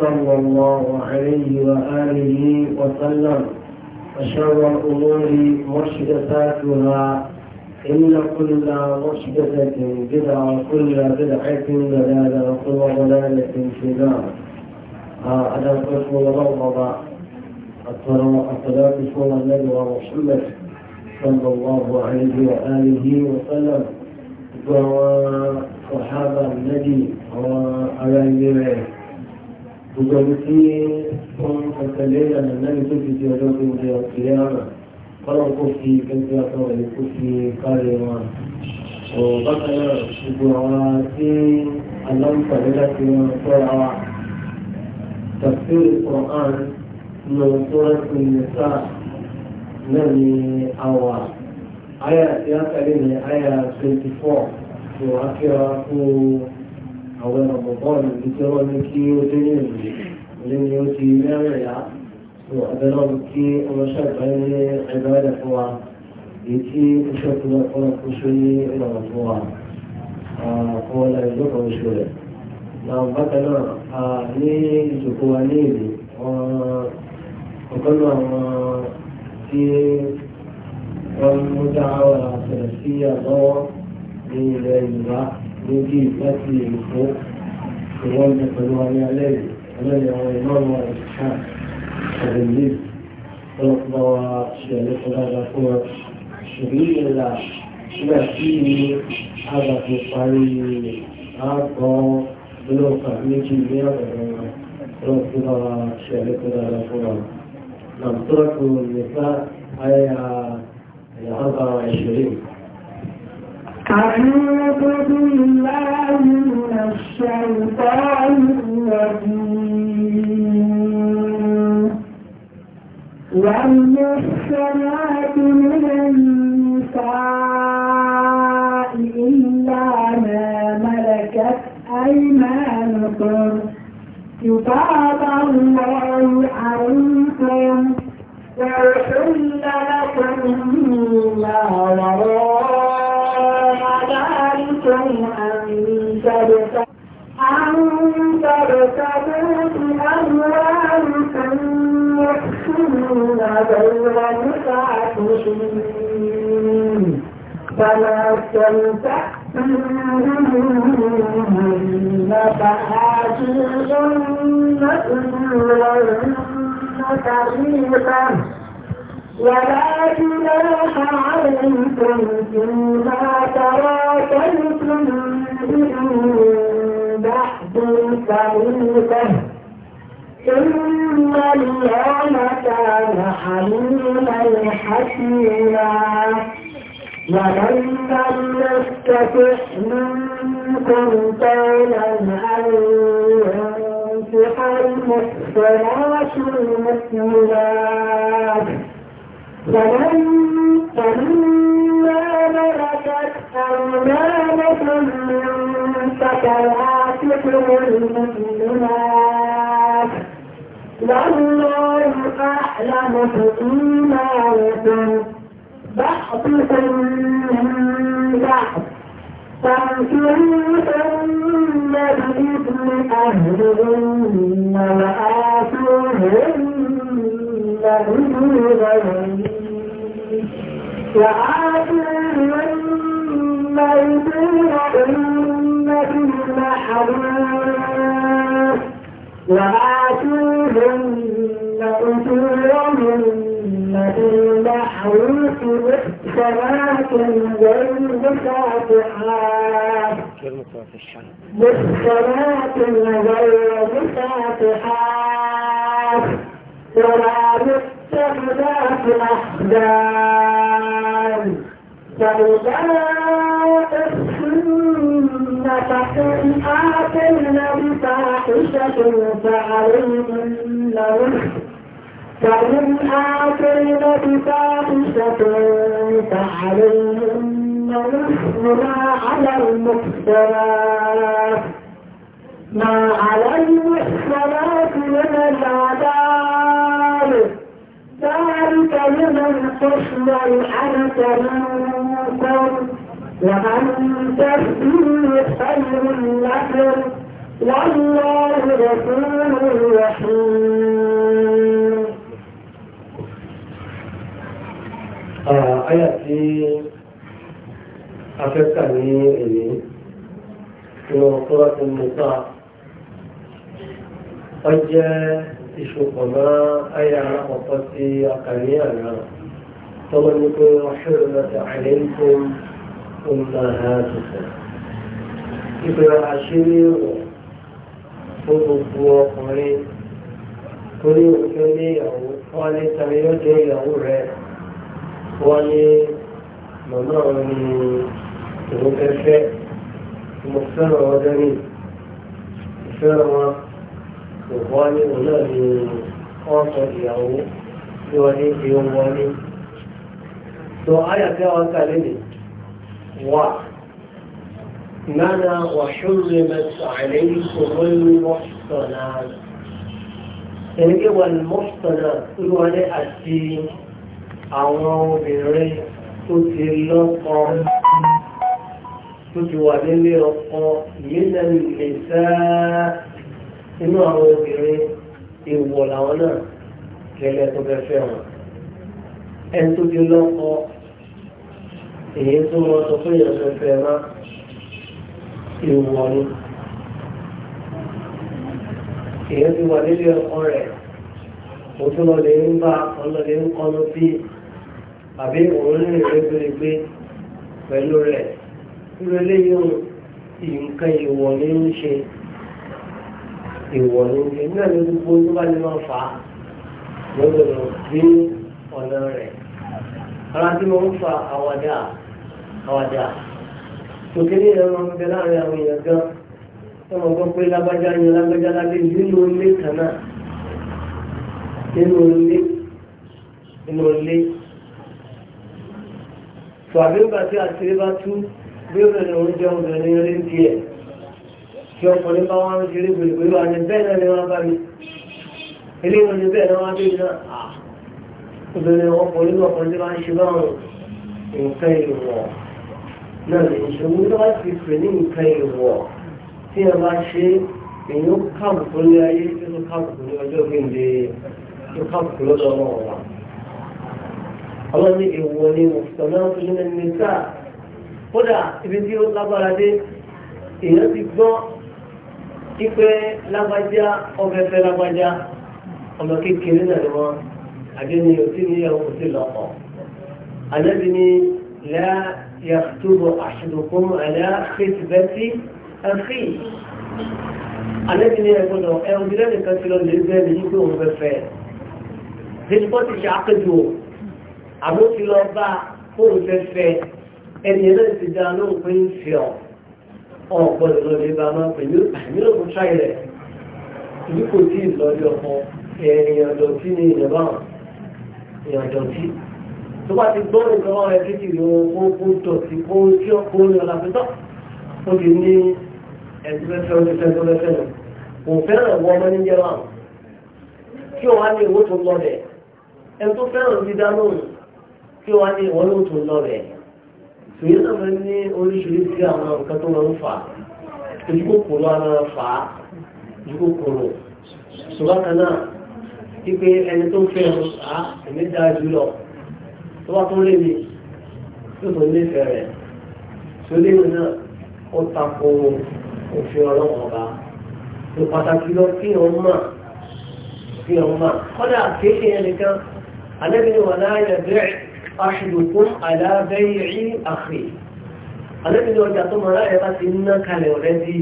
صلى الله عليه وآله وسلم وشر الأمور محدثاتها إن كل محدثة بدعة وكل بدعة ضلالة وكل ضلالة في النار هذا آه، القسم المرغبة الصلاة صلى النبي ومحمد صلى الله عليه وآله وسلم وصحابة النبي وعلى غيره gbogbo ẹni tí wọ́n ń tẹ̀lé ìlànà lẹ́nu tó fi di ọjọ́ tó ń jẹ ìlẹ́ àmà kọ́lọ́n kò fi kẹ́kẹ́ àtọ́ rẹ̀ kó fi kárí wọn. bákan náà gbogbo àwọn tí aláǹfààní láti wọn tọ́ra wa tafsir Qur'an ní sọ́ọ́sì nìsa náà ní àwà àyà tí a kàlẹ́ ní àyà twenty tó a kí wa fún àwọn ọ̀pọ̀pọ̀lù tí wọ́n ní kí ó dé ní ìlú ilé ni ó ti mẹ́rin yá tó abẹ́lọ́rù kí ọlọ́ṣẹ́ ìgbáyé ní ẹgbẹ́rẹ́ fún wa èyí tí ó ṣẹ́kùnrin ọ̀pọ̀lù kó ṣe ní ìlànà fún wa àwọn ọ̀la ìlú kan oṣù rẹ̀. Náà bákan náà ní ìjòkó wa ní ìlú ọ̀kan àwọn tí wọ́n mú dáhàwà àtẹ̀lẹ̀ sí àgbọ́wọ́ ní ilẹ̀ Yorùbá يجيب أكلي وفوق وولد فلوان عليه ولد وإمام وإسحاق فبالنسبة فلقضوا شبيل قضاء قوة شبيل الله ما فيه هذا في الطريق أعطوا بلوقع ميجي ميرا فلقضوا شبيل قضاء قوة لم تركوا النساء آية 24 أعوذ بالله من الشيطان الرجيم والمحسنات من النساء إلا ما ملكت أيمانكم كتاب الله بين المشركين فما استمتعتم فآتيهن أجورهن فريضة ولا جناح عليكم فيما تراكمتم به بعد الفريضة مريم كان حليما حكيما ولن لم نستطع منكم طولا أن ينفح المحصنات المسلمات فمن فمما ملكت من فتياتكم المسلمات والله أعلم بإيمانكم بعضكم من بعض فانكروهن بإذن أهلهن وآتوهن أجورهن وآتوهن أجورهن بالمحروف وآتوهن أجورهن بالمعروف محصنات غير مسافحات ولا مستخدمات أحزان فإذا أحسن سنة آتينا الفاحشة فعليهن فإن آتينا بفاحشة فعليهن نصف ما على المحسنات ما على المحسنات من العذاب ذلك لمن خشي الحنك منكم وأن تسلموا خير لكم والله غفور رحيم آية أفكرني إلي من سورة النساء قد إشوفنا أي علاقة أقليانا فمن يكون حرمة عليكم أمهاتكم ìpè àṣírí rẹ̀ fún gbogbo ọkùnrin torí òfin ní ìyàwó wọ́n ní tani yóò jẹ́ ìyàwó rẹ̀ wọ́n ní màmá òun ni òun fẹ́ fẹ́ mo fẹ́ràn wọn dání ìfẹ́ràn wọn òwò ní òun náà ni wọ́n sọ ìyàwó tí wọ́n منع وحرمت عليكم المحصنات ẹnìké wà ní mọ́sítọ́nà olúwalé àti àwọn obìnrin tó ti lọ́kọ tó ti wà nílé ọkọ ìyẹ́nà lè sáà inú àwọn obìnrin èèwọ̀ làwọn náà kẹlẹ̀ tó fẹ́ fẹ́ wọn ẹni tó ti lọ́kọ èyí tó wọ́n sọ fún ìyẹn fẹ́fẹ́ má ìwọ̀ ni èyí ti wà nílé ọkọ rẹ̀ òtún lọ lè ń bá ọlọ́ lè ń kọ́nu bí àbí òun ní ìrẹ́gbẹ̀rẹ̀gbẹ̀ pẹ̀lú rẹ̀ irú eléyìí nǹkan ìwọ̀ ni ń ṣe ìwọ̀ ni èmi náà ló gbogbo tó bá ní máa fà á lọ́dọ̀ bí ọ̀nà rẹ̀ ara tí mo ń fa àwàdà àwàdà òkèlè ẹ̀rọ ọmọ bẹ láàrin àwọn èèyàn gan ọmọ gbọ́ pé lágbájá yan lágbájá lábẹ́ nínú ilé kan nínú ilé nínú ilé tó àbí nígbà tí àṣírí bá tú bí obìnrin òun jẹ obìnrin rí ń tiẹ̀ ọkùnrin bá wọn ṣe rí gbèrè pẹ̀lú àyẹ̀ bẹ́ẹ̀ náà ni wọ́n bá mi ilé ìrìn níbẹ̀ náà wọ́n á bẹ̀rẹ̀ náà obìnrin ọkùnrin ọkùnrin bá ń ṣe báwọn nǹkan ìrùwọ̀n náà lè ṣe mú tó bá ti fè ní nǹkan ìwọ̀ tí ẹ bá ṣe èyí ó kàbùkù ní ayé tí ó kàbùkù ní ọjọ́ gbèǹde tó kàbùkù lọ́dọ̀ ọlọ́run wa. àwọn ní ìwọ ni mùsùlùmí náà tó nínú ẹni sáà kódà ibi tí ó lágbára dé èèyàn ti gbọ́ ipe lágbájá ọbẹ̀fẹ́ lágbájá ọmọ kékeré náà ni wọ́n àbí ni òtí níyàwó kò sí lọ́kọ̀ọ́ àlẹ́bí ni lẹ́yà. يخطب أحدكم على خطبة أخيه الذي يقول له أنا أريد أن أكفل الإنسان يجيب له بفعل خطبة شعقده àmọ́ fi lọ bá fóun fẹ́fẹ́ ẹni ẹ̀ náà ti dá lóhùn pé ń fi ọ̀ ọ̀gbọ́dọ̀ lọ lè ba máa pè ní àmì lókun tíráì kò tí ì lọ ọkọ ẹ̀yìn ọ̀dọ̀tí ni ìyẹn báwọn tó bá ti gbọ́ nǹkan wọn rẹ̀ títí rí wọn kó dọ̀tí kó tí ó kó ní ọ̀la pẹ́tọ́ ó lè ní ẹ̀dúrẹ́fẹ́ oníṣẹ́ tó lẹ́fẹ́ lọ kò fẹ́ràn wọ ọmọ ní jẹ́wà kí ó wá ní owó tó lọ bẹ̀ ẹni tó fẹ́ràn ti dáná kí ó wá ní ìwọ́n ló tó lọ bẹ̀ tòyí náà fẹ́ ní oríṣiríṣi àwọn nǹkan tó lọ ń fà tó bá tún lé mi tó tó nífẹ̀ẹ́ rẹ̀ tó lé mi náà ó tako òfin ọlọ́wọ́ ọba tó pàtàkì lọ kí wọ́n mọ̀ kí wọ́n mọ̀ kọ́dà kéèké yẹn nìkan alẹ́bìnrin wà láàyè bẹ́ẹ̀ aṣèlúkún alábẹ́yẹ̀rí àfẹ́ alẹ́bìnrin ọjà tó mọ̀ láàyè bá ti ná kalẹ̀ ọ̀rẹ́ bí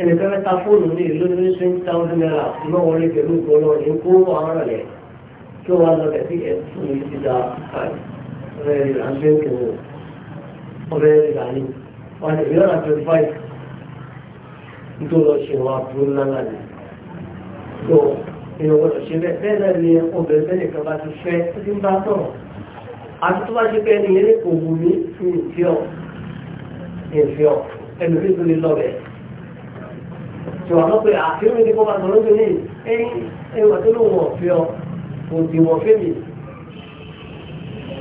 ẹnìkan mẹ́ta fóònù ní ìlú ní twenty thousand naira ìmọ̀wọlé pẹ̀lú gbọ́lọ́ ní kó àwọn rẹ̀ tó wà lọ rẹ̀ bí ẹ̀sùn yìí ti da ọ̀rẹ́ rẹ̀ là ń gbé òkè wò ọ̀rẹ́ rẹ̀ là ní wọn ni ìlànà twenty five nítorí ọ̀ṣẹ̀ wọn àbúrò ńláńlá ni tó èèyàn gbọdọ̀ ṣe bẹ́ẹ̀ bẹ́ẹ̀ náà ni obìnrin bẹ́ẹ̀ nìkan bá ti fẹ́ ó ti ń bá sọ̀rọ̀ àti tó bá ṣe pé ẹni eré kò wù mí ní ìfẹ́ ọ̀ ìfẹ́ ọ̀ ẹnu rí tó lè lọ bẹ́ẹ̀ tí wọn lọ pé àfihàn ní kó bá sọ lóṣù ní ẹ̀yìn ẹ̀yìn wà tó lóun ọ̀fẹ́ ọ̀ kò sì wọ̀ fẹ́mi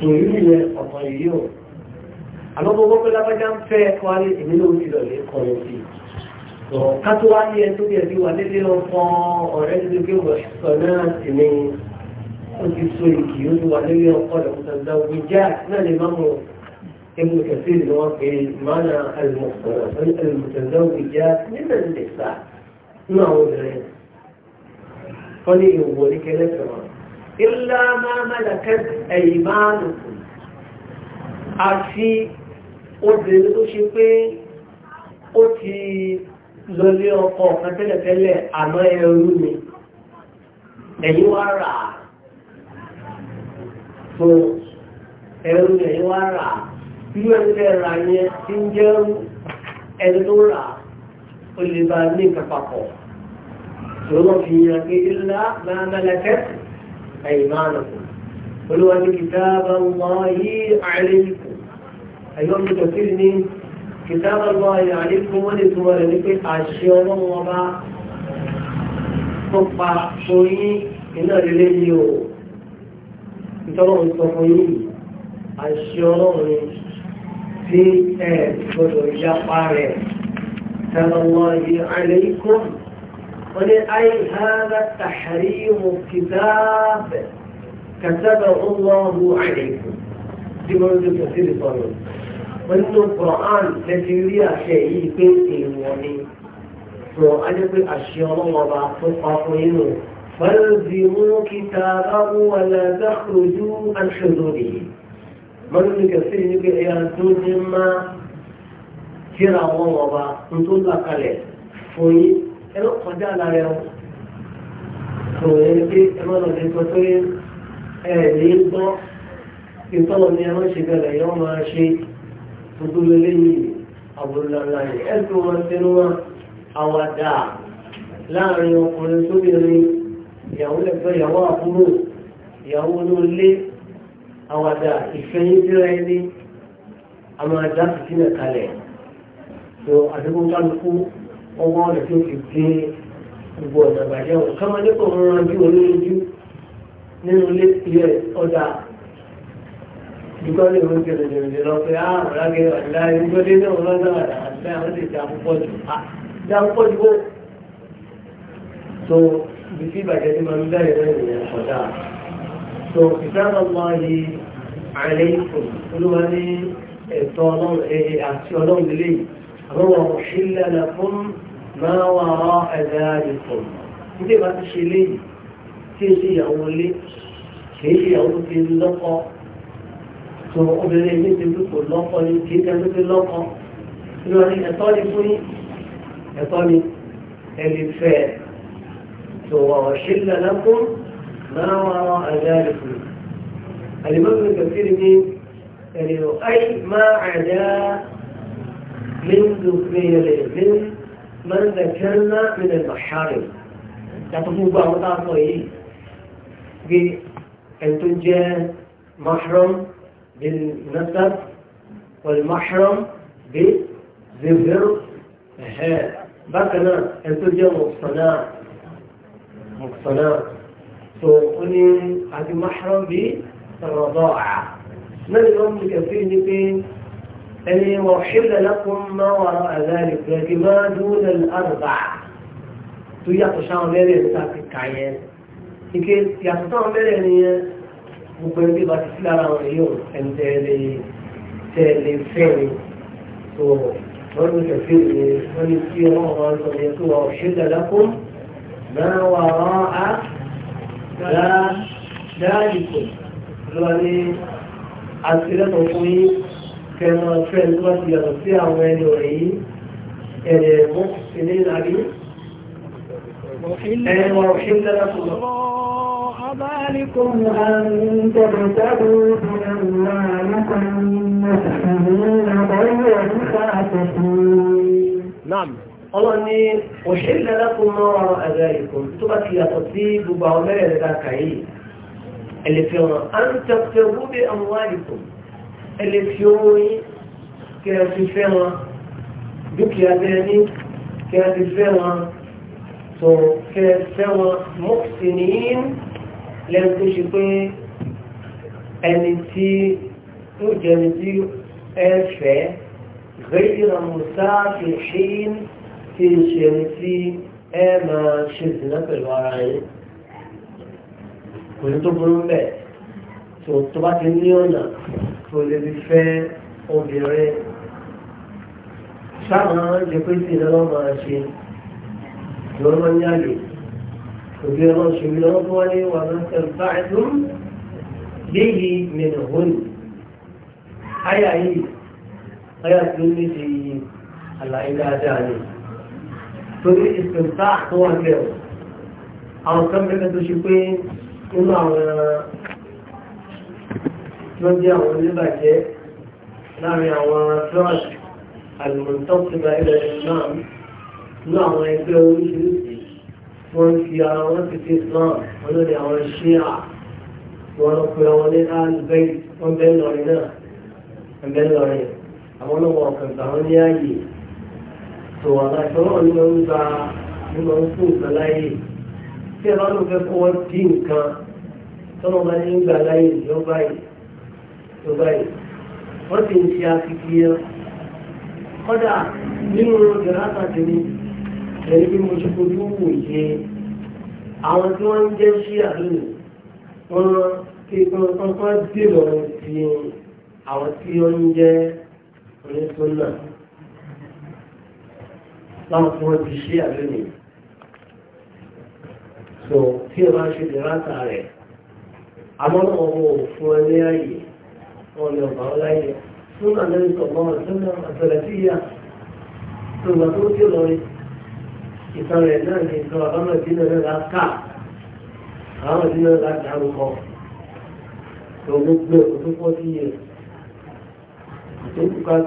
kò rí mi yẹn ọ̀pọ̀ yìí o àmọ́ gbogbo pé lápájá ń fẹ́ ẹ̀kọ́ alẹ́ èmi ló ń fi lọ lé kọrin sí i lọ kátó wá ní ẹni tó bí ẹbí wà lélẹ́ lọ fún ọ̀rẹ́ tó gbé wọ̀ sọ náà sì ما هو ذلك قال يقول تمام illa ma malakat aymanukum àfi obìnrin tó ṣe pé ó ti lọlé ọkọ ọ̀kan tẹ́lẹ̀tẹ́lẹ̀ àmọ́ ẹrú ni ẹ̀yìn wá rà á tó ẹrú ẹ̀yìn wá rà á irú ẹni tẹ́ ra yẹn tí ń jẹ́ ẹni tó rà ó lè bá ní ìkàpapọ̀ tó lọ́ fi yàn pé illa ma malakat أيمانكم قلوا كتاب الله عليكم أيوم تفيرني كتاب الله عليكم ونسوا لنك عشيون وضع تقع شوي إن رليو ìtọ́lọ́run sọ fún yìí àṣẹ ọlọ́run tí ẹ̀ gbọdọ̀ ìyapa rẹ̀ tẹ́lọ́wọ́ yìí àlẹ́ ikú ولي أي هذا تحريم كتاب كتبه الله عليكم دي موجود تفسير القانون وانت القرآن تفسيريا شيء بيتي وني سو أجب أشياء الله بعثوا منه فالزموا كتابه ولا تخرجوا عن حدوده من كثير يقول يا تنما كرا الله بعثوا لك عليه ẹ lọ kọjá ara rẹ o tó ẹ ní pé ẹ má lọ lè sọ pé ẹ lè gbọ́ ìtọ́lọ̀ ni ẹ má ṣe bẹ̀rẹ̀ yọ máa ṣe gbogbo lélẹ́yìn àbúrúláńlá yìí ẹ tó wọn sínú wọn àwàdà láàrin ọkùnrin sóbìnrin ìyàwó lẹ́gbẹ́ ìyàwó àbúrò ìyàwó olóòlé àwàdà ìfẹ̀yìntìrẹ ẹni a máa dá fìtínà kalẹ̀ tó àdúgbò ọwọ́ rẹ̀ tó fi gbé gbogbo ọ̀nà ìbàjẹ́ wọn ká máa dẹ́kọ̀ wọn rán bí olóyinjú nínú ilé ilé ọ̀dà dùkọ́ lè mú kí ẹ̀rọ̀jẹ̀rọ̀jẹ̀ lọ pé á ah, rágẹ́ ọ̀dà ìgbọ́dé náà wọn lọ́dọ̀ àdá àti àwọn ti dà púpọ̀ jù ah, á dà púpọ̀ jù ó. so ibi tí ìbàjẹ́ ti máa ń bẹ̀rẹ̀ náà nìyẹn ọ̀dà so ìsáàmà máa yí àlẹ́ ìfò olúwa ní ẹ̀tọ́ ọlọ́run àti ọlọ́run lélẹ́yìn àwọn ọ̀ṣìlẹ̀ ما وراء ذلك كله ما تشي لي تيجي أولي تيجي أول في اللقاء ثم أقول لي مين تبقى اللقاء تيجي كان في اللقاء يعني أطالي فني أطالي اللي فات ثم وشل لكم ما وراء ذلك اللي ممكن تفكير مين أي ما عدا من ذكرية من من ذكرنا من المحارم تطلب بعض بأن تنجي محرم بالنسب والمحرم بذبر بكنا أن تنجي مقصنا مقصنا سوقني هذه محرم بالرضاعة من الأمر كفيني بين أن يوحل لكم ما وراء ذلك لكن ما دون الأربع تيقشان ليلة ساكت كعيان لكي يقشان ليلة نية وقلت بات سلارا وعيون أن تهلي تهلي فيني ومن تفيني ومن تفيني ومن تفيني ومن لكم ما وراء ذلك ذلك ذلك ذلك ذلك كما في المرض يغفر أعمال وعين أن المحسن العليم أن المحسن لكم الله ذلكم نَعَمْ. أن تبتدوا من أموالكم تحملون ضوء فأتكون نعم الله أني أحل لكم ما وراء ذلكم تبكي تطيب بعمال ذاك اللي فيهم أن تبتدوا بأموالكم ẹ lè fi owó yín kí ẹ fi fẹ́ wọn dúkìá tẹ ní kí ẹ fi fẹ́ wọn tó kí ẹ fẹ́ wọn mọ́ọ̀sì nìyí lẹ́nu tó ṣe pé ẹni tí yóò jẹ́ ẹni tí ẹ fẹ́ غير مسافحين في شرسي اما شرسنا في الوراء كنت برون بيت سوطبات النيونة tó lè fi fẹ́ obìnrin sáwọn jẹ pé sí ìdáná máa ṣe lọ́wọ́ ní àlè òbí ọlọ́run ṣe wí lọ́wọ́ tó wá ní wà lọ́sẹ̀ báyìí léyìí mìíràn hónì áyà yìí áyà tó ní ti àlàyé dáadáa ni torí ìsìnkà tó wà bẹ̀rù àwọn kan bẹ̀rẹ̀ tó ṣe pé nínú àwọn ló jẹ́ àwọn oníbàjẹ́ láàrin àwọn trust alimọ̀tọ́síba ilẹ̀ islam ní àwọn ẹgbẹ́ oríṣiríṣi wọ́n fi ara wọn ti fi islam wọn lóde àwọn ṣíà wọn lọ pe àwọn ní alibẹ́ wọn bẹ́ẹ̀ lọ́rin náà wọn bẹ́ẹ̀ lọ́rin àwọn ọlọ́wọ́ ọ̀kan gbà wọ́n ní ààyè tó àlàkọ́ náà ní wọ́n ń gba ní wọ́n ń fún nǹkan láyè tí ẹ bá ló fẹ́ kọ́ dín nǹkan tọ́lọ́ bá ní ń gbà láyè ìjọba yìí tó báyìí wọ́n ti ń ṣe àfikiyàn kọ́dà nínú ìrántà tèmi ẹni bí mo ṣe fojú wò yé àwọn tí wọ́n ń jẹ́ sí àlùmí wọ́n kí wọ́n kọ́ dènà ti àwọn tí wọ́n ń jẹ́ onísọ́nà láwọn tí wọ́n ti ṣe àlùmí so tí ẹ bá ṣe ìrántà rẹ̀ àmọ́ ọmọ òfin ẹni àyè wọn ìtàn rẹ̀ náà ni ìtàn àbámọ̀ ìdínà náà ká àwọn ìdínà la dárúkọ tó gbogbo ẹ̀kọ́ tó fọ́tí yẹ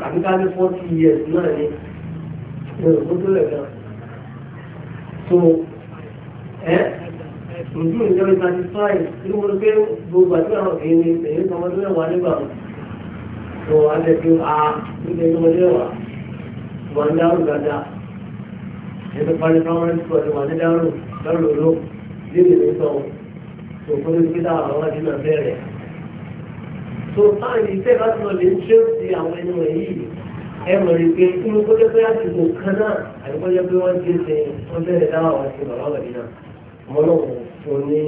àbíká ní fọ́tí yẹ náà ni ẹ̀kọ́ tó lẹ̀ gan so ẹ́ ǹdí ìjọba ìtàkì fáìlì ní pé gbogbo àti àwọn èèyàn èèyàn to wanda ke a inda yi waje wa wani daru gada ya ta fara kamarar su wani wani daru dan lolo zai ne sau to kuma su ta a wani na fere so táàlì tẹ́ bá tún lè ń ṣe ti àwọn ẹni wọ̀nyí ẹ mọ̀ rí pé inú kó jẹ́ pé àsìkò kan náà àti kó jẹ́ pé wọ́n ti ṣe wọ́n bẹ̀rẹ̀ dáwà wá sí bàbá wọ̀nyí náà ọmọ náà fún ní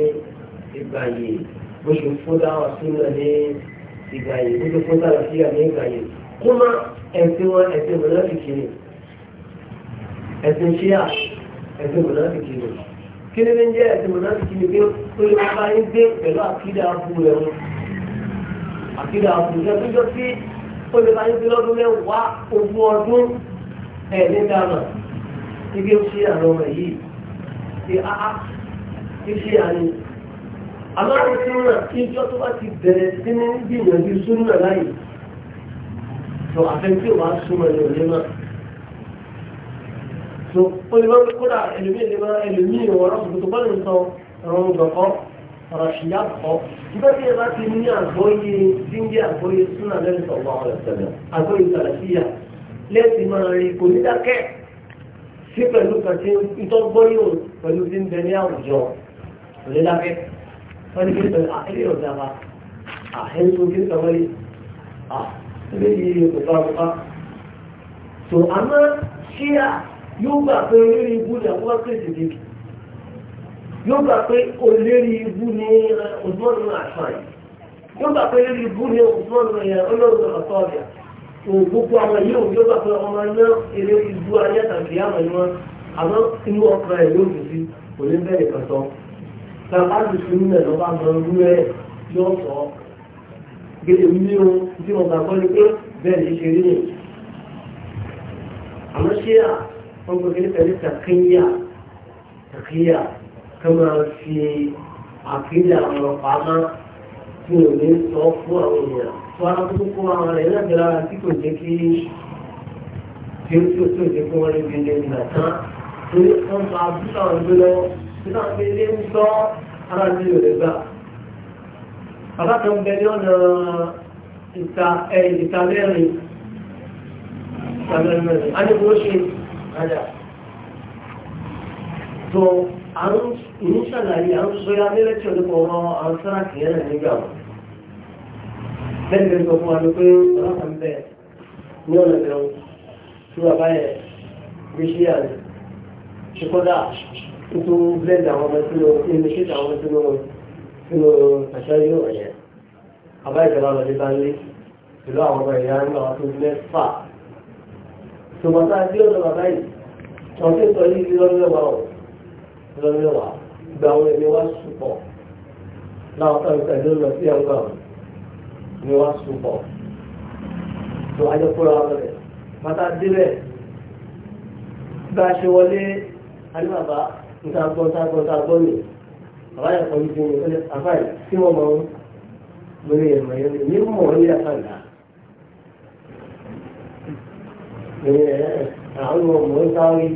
ìgbà yìí bó ṣe fún dáwà sí náà ní Ibrahim ó ló fún Sàlàfíà ní Ibrahim kó má ẹ̀sìn wọn ẹ̀sìn mọ̀nàfìkì ni ẹ̀sìn ṣíà ẹ̀sìn mọ̀nàfìkì ni kí ni ní jẹ́ ẹ̀sìn mọ̀nàfìkì ni pé ó lè bá yín gbé pẹ̀lú àkídà abu rẹ̀ wọn àkídà abu rẹ̀ tó jọ sí ó lè bá yín gbé lọ́dún mẹ́wàá ogún ọdún ẹ̀ ní dáná ibi ó ṣe àwọn yìí ṣe áá ṣe ṣe àní aláàrùn súnmọ̀ kí ìjọ tó bá ti bẹ̀rẹ̀ sí ní gbìyànjú súnmọ̀ láyìí tó àfẹ́ntí wàá súnmọ̀ ní òní náà tó ó lè máa ń kódà ẹlòmíì lè máa ẹlòmíì ọ̀rọ̀ tuntun bá lè sọ ọ̀rọ̀ gbọ̀kọ́ ọ̀rọ̀ ṣìyá kọ́ nígbà tí ẹ bá ti ní àgbóyé díngé àgbóyé súnmọ̀ lẹ́nu sọ̀gbọ̀ àwọn ẹ̀sẹ̀ àgbóyé sàlàfíà lẹ́sì máa rí kò ní dákẹ́ sí pẹ̀lú kàtí ìtọ́gbọ́yò pẹ̀lú tí ní àwùjọ kò ní dákẹ́. wọ́n ní kí ló àìlè ọ̀dà wa àìlè kí ló wọlé àìlè yìí kò bá wọ́n bá. tó àmọ́ ṣíà yóò gbà pé olórí ibú ni àwọn sàkáàtì fún ilẹ̀ lọ́ba mọ ẹ̀ yóò sọ gẹ́gẹ́ bí o tí wọ́n gbà kọ́ ni pé bẹ́ẹ̀ ni ṣe rí ni àmọ́ ṣé à wọ́n gbé kékeré pẹ̀lú tàkíyà tàkíyà kí wọ́n máa fi àkíyà wọn pamọ́ tí wọ́n ní sọ fún àwọn èèyàn tó ara tó kó àwọn rẹ̀ náà bẹ̀rẹ̀ ara tí kò jẹ́ kí tí ó tó tó jẹ́ kí wọ́n lè gbé lẹ́yìn torí wọ́n máa bú àwọn ìgbé lọ́wọ́ iná mi lé ń gbọ́ ara mi ò lè gbà bàbá kan bẹ ní ọ̀nà ìta ẹ ìta mẹ́rin ìta mẹ́rin a ní kó ṣe àjà tó àrùn ìníṣàlàyé àrùn sọ́yà mẹ́rẹ́tì ọ̀dọ́pọ̀ ọ̀rọ̀ àrùn sára kìíyàn nígbà wọn lẹ́gbẹ̀ẹ́ sọ fún wa ní pé ọlọ́pàá ń bẹ̀ ní ọ̀nà ìrọ̀rùn tí wà báyẹ̀ gbé ṣíyà rẹ̀ ṣe kọ́dà tuntun blend àwọn ọmọ sínú inú ṣíṣe àwọn ọmọ sínú sínú àṣàyè ọ̀rọ̀ yẹn àbá ìjọba lọ sí báńlé pẹ̀lú àwọn ọmọ ìyá ń àwọn tó gbé fà tòmọ́tà sí ọ̀dọ̀ bàbá yìí wọ́n ti sọ yìí sí lọ́mẹ́wàá ọ̀ lọ́mẹ́wàá gba àwọn ẹni wá sùpọ̀ láwọn kan tẹ̀lé lọ sí ẹgbẹ́ ọ̀hún ni wá sùpọ̀ tó ajọ́kúra wọn rẹ̀ bàtà débẹ̀ bá a ṣe wọlé alíbàbá ntagbọ́ ntagbọ́ ntagbọ́ nì bàbá yẹn kọ́ yíjú ní ọlẹ́ àfáì tí wọ́n mọ̀ ń lórí ẹ̀rọ yẹn ní ní mọ̀ ní àfàǹdà àwọn ọmọ ń sáré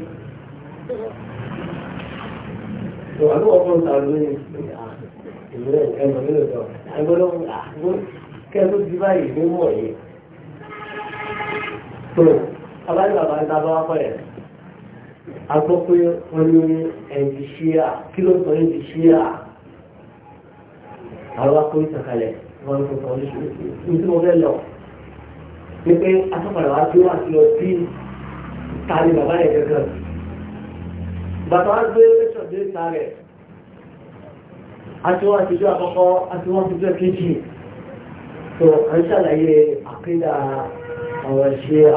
àwọn ọmọ ń sáré lórí ìmúlẹ̀ ẹ̀rọ nílò tó àgbọ̀dọ̀ kẹ́ẹ́ tó ti báyìí ní mọ̀ yìí. Abáyé bàbá ń ta bá wá pọ̀ a gbọ́ pé wọ́n ní ẹ̀dì ṣíà kí ló sọ ẹ̀dì ṣíà àwọn akọ ìtàkàlẹ̀ wọn kò sọ oríṣiríṣi ní tí mo fẹ́ lọ ní pé atọ́padà wá bí wọ́n àti lọ bí ta ni bàbá yẹn gẹ́gẹ́ bàbá wa gbé lẹ́sọ̀ dé ta rẹ̀ àti wọ́n àtijọ́ àkọ́kọ́ àti wọ́n àtijọ́ kejì tó à ń ṣàlàyé àkídà àwọn ṣíà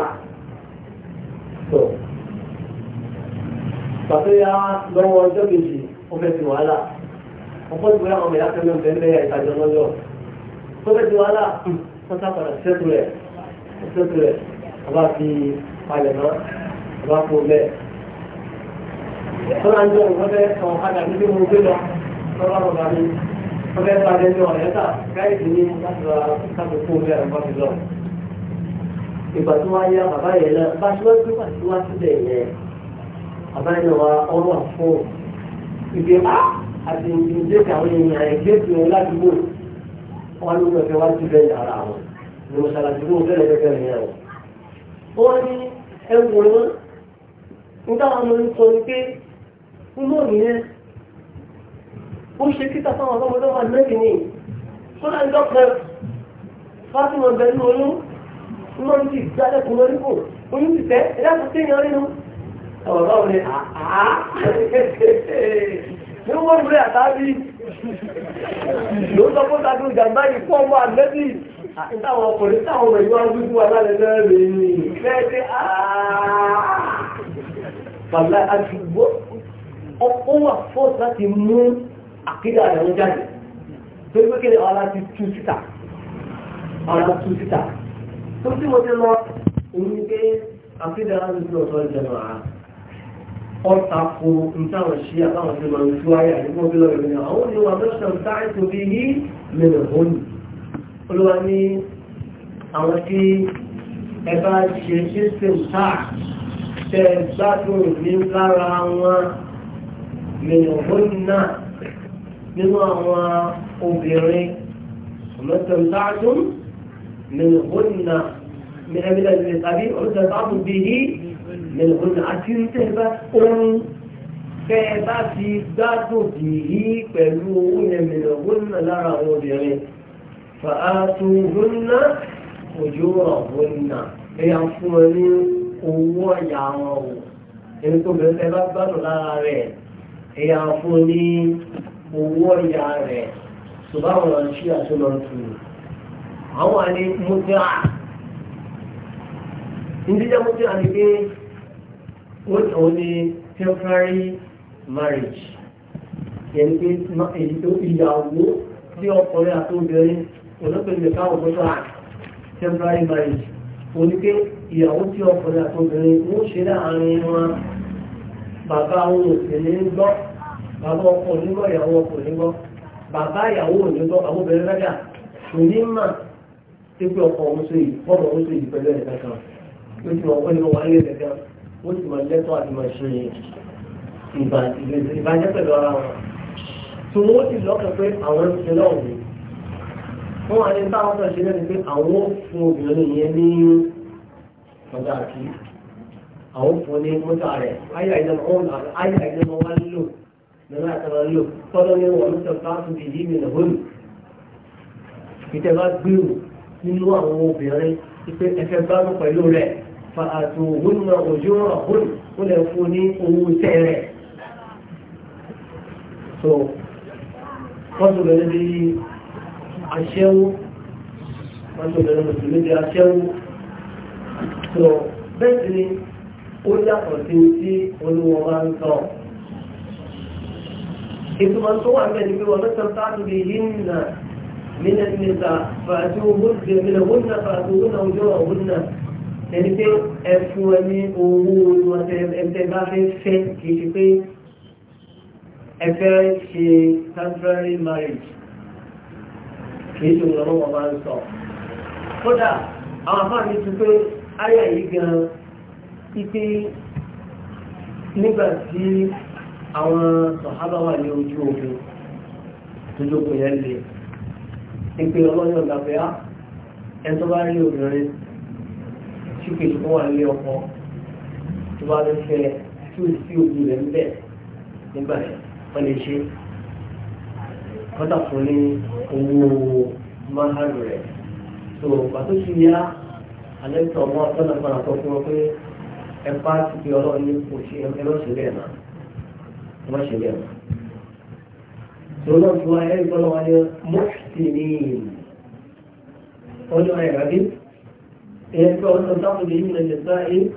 tó pàtóyá lọ́wọ́ ọjọ́ kejì ó fẹ́ ti wàhálà ọ̀pọ̀ ìgbé àwọn ọmọ ìyá kẹ́lẹ́ ọ̀fẹ́ ńlẹ̀ ìtajà lọ́jọ́ tó fẹ́ ti wàhálà hmm, wọ́n padà ṣẹ́tù rẹ̀ ṣẹ́tù rẹ̀ ọba fi palẹ̀ mọ́ ọba kó lẹ̀. tọ́lá ń jọ òun fẹ́ ọ̀hún padà níbi mo gbé lọ tọ́lá wọn bá mi wọ́n fẹ́ palẹ̀ ní ọ̀rẹ́ káyìdì ní láti lọ káfí kó lẹ̀ ọba fi bàbá yẹn náà bá ṣe wọ́n gbé pàṣẹ wá síbẹ̀ yẹn àbáyọ wa ọ̀rọ̀ àfọ ìgbé a àti ìdíje káwọn èèyàn ẹgbẹ́ tó ń ládùúgbò wọn ló lọ fẹ́ wá sí bẹ́ẹ̀ yàrá wọn ní mọṣáláṣí ló ń fẹ́rẹ̀ fẹ́ yẹn o. wọn ní ẹwù wọn ń táwọn ọmọ ń sọ ni pé inú òní yẹn ó ṣe kíta fáwọn ọlọ́mọdé wà lẹ́yìn ní kọ́lá ń dọ́kẹ́ fásitì wọn bẹ̀rù oyún wọn ti gbálẹ̀kùn lórí kò oyún ti ọ̀rọ̀ báwo ni àá ní wọ́n rí àtàbí ló sọ fún tàbí ìjàmbá yìí fún ọmọ àgbẹ́bí ìtàwọn ọkùnrin táwọn ọmọ ìwà wíwú alálẹ́lẹ́ rẹ̀ ní lẹ́ẹ̀dẹ́ àbàlá àdúgbò ọkọ̀ wà fọ́ láti mú àkídà rẹ̀ jáde tó gbé kéde àwọn aláti tú síta àwọn tú síta tó tí mo ti lọ òun ní pé àkídà rẹ̀ ń lọ sọ ìjọba ọ̀tàkù ìtàwọn ṣí àtàwọn ṣe máa ń tú ayé àdúgbò bí lọ́wọ́ ìrìnà àwọn olùwà mẹ́sàn táì tó bí yí mẹ́rin hónì olùwà ní àwọn tí ẹ bá ṣe system táà tẹ gbádùn ní lára wọn mẹ́rin hónì náà nínú àwọn obìnrin mẹ́sàn táà tó náà ní ẹbí lẹ́yìn tàbí ọ̀rọ̀ tẹ̀ bí yí lẹ́nu ọ̀nà àti tẹ́ bá orin tẹ́ bá ti gbádùn dìrí pẹ̀lú owó yẹn mìíràn owó nínú lára àwọn obìnrin fàátù húnná òjò ọ̀húnná ẹ̀yà fún ẹ ní owó ọ̀yà wọn o ẹni tó bẹ̀rẹ̀ tẹ́ bá gbádùn lára rẹ̀ ẹ̀yà fún ní owó ọ̀yà rẹ̀ ṣùgbọ́n àwọn ọ̀ṣì àti ọ̀nàtù àwọn àni mọ́tà ìdíjẹ́ mọ́tà ni pé ó ní temporary marriage yẹn pé èyí tó ìyàwó tí ọkùnrin àti obìnrin olóògbé káwọn gbọ́dọ̀ à temporary marriage ó ní pé ìyàwó tí ọkùnrin àti obìnrin ń ṣe láàárín wọn bàbá òun ò sì ní gbọ́ bàbá ọkọ onígbọ́ ìyàwó ọkọ onígbọ́ bàbá ìyàwó onígbọ́ àwọn obìnrin lọ́jà kò ní mà pé pé ọkọ òun ṣe yìí bọ́ọ̀lù òun ṣe yìí pẹ̀lú ẹ̀ẹ́dẹ́gbẹ̀rún lójú ọkọ ni wọ́n wá ní ẹ̀ẹ́dẹ́gbẹ̀rún wọ́n ti máa lẹ́tọ́ àti máa ṣe ìbàjẹ́ pẹ̀lú ara wọn. tó wọ́n ti lọ́kàn pé àwọn ń ṣe lọ́wọ́ mi. wọ́n wá ní táwọn kan ṣe lẹ́nu pé àwọn ò fún obìnrin yẹn ní ọjà àti àwọn fún ní mọ́tà rẹ̀ ayé àìdánmọ́ wá lò nínú àtàrà lò tọ́lọ́ ní wọn lọ́sọ̀ káàtó ìdí mi nà hóyù. ìtẹ̀wá gbèrò nínú àwọn obìnrin pé ẹ̀fẹ̀ فآتوهن أجورهن ولفوني أوتيري so wọ́n tó bẹ̀rẹ̀ bí aṣẹ́wó wọ́n tó bẹ̀rẹ̀ mùsùlùmí bí aṣẹ́wó so bẹ́ẹ̀ sì ni ó yàtọ̀ sí tí olúwọ́ máa ń sọ ìtumọ̀ tó wà mẹ́rin bí wọ́n mẹ́ta sáàtù bí yìí nà mí nà níta fàájú hùn ẹni pé ẹfún ẹni owó ẹgbẹ́ bá fẹ́ fẹ́ kìí ṣe pé ẹfẹ́ ṣe temporary marriage kìí ṣe òun lọ́wọ́ máa ń sọ kódà àwọn afáà mi tún pé ayà yìí gan ipe nígbà tí àwọn sọ̀hábà wà ní ojú ogun tó jókòó yẹn lè ní ọlọ́yọ̀ ìgbàfẹ́ á ah, ẹni tó bá rí obìnrin tí kejì kan wà nílé ọkọ tó bá lè fẹ́ tí ó sí òbí rẹ̀ níbẹ̀ nígbà yẹn wọ́n lè ṣe kọ́tà fún ní owó máhàrù rẹ̀ tó pàtó ti yá alẹ́tọ̀ ọmọ ọ̀tọ́nà padà sọ fún wọn pé ẹ bá ti fi ọlọ́run ní kò ṣe ẹ lọ́ọ́ ṣe bẹ́ẹ̀ náà ẹ má ṣe bẹ́ẹ̀ náà tòlọ́tù ayé ìgbọ́nà wáyé mọ́tìní ọdún ayé rẹ̀ أن تقضي من النساء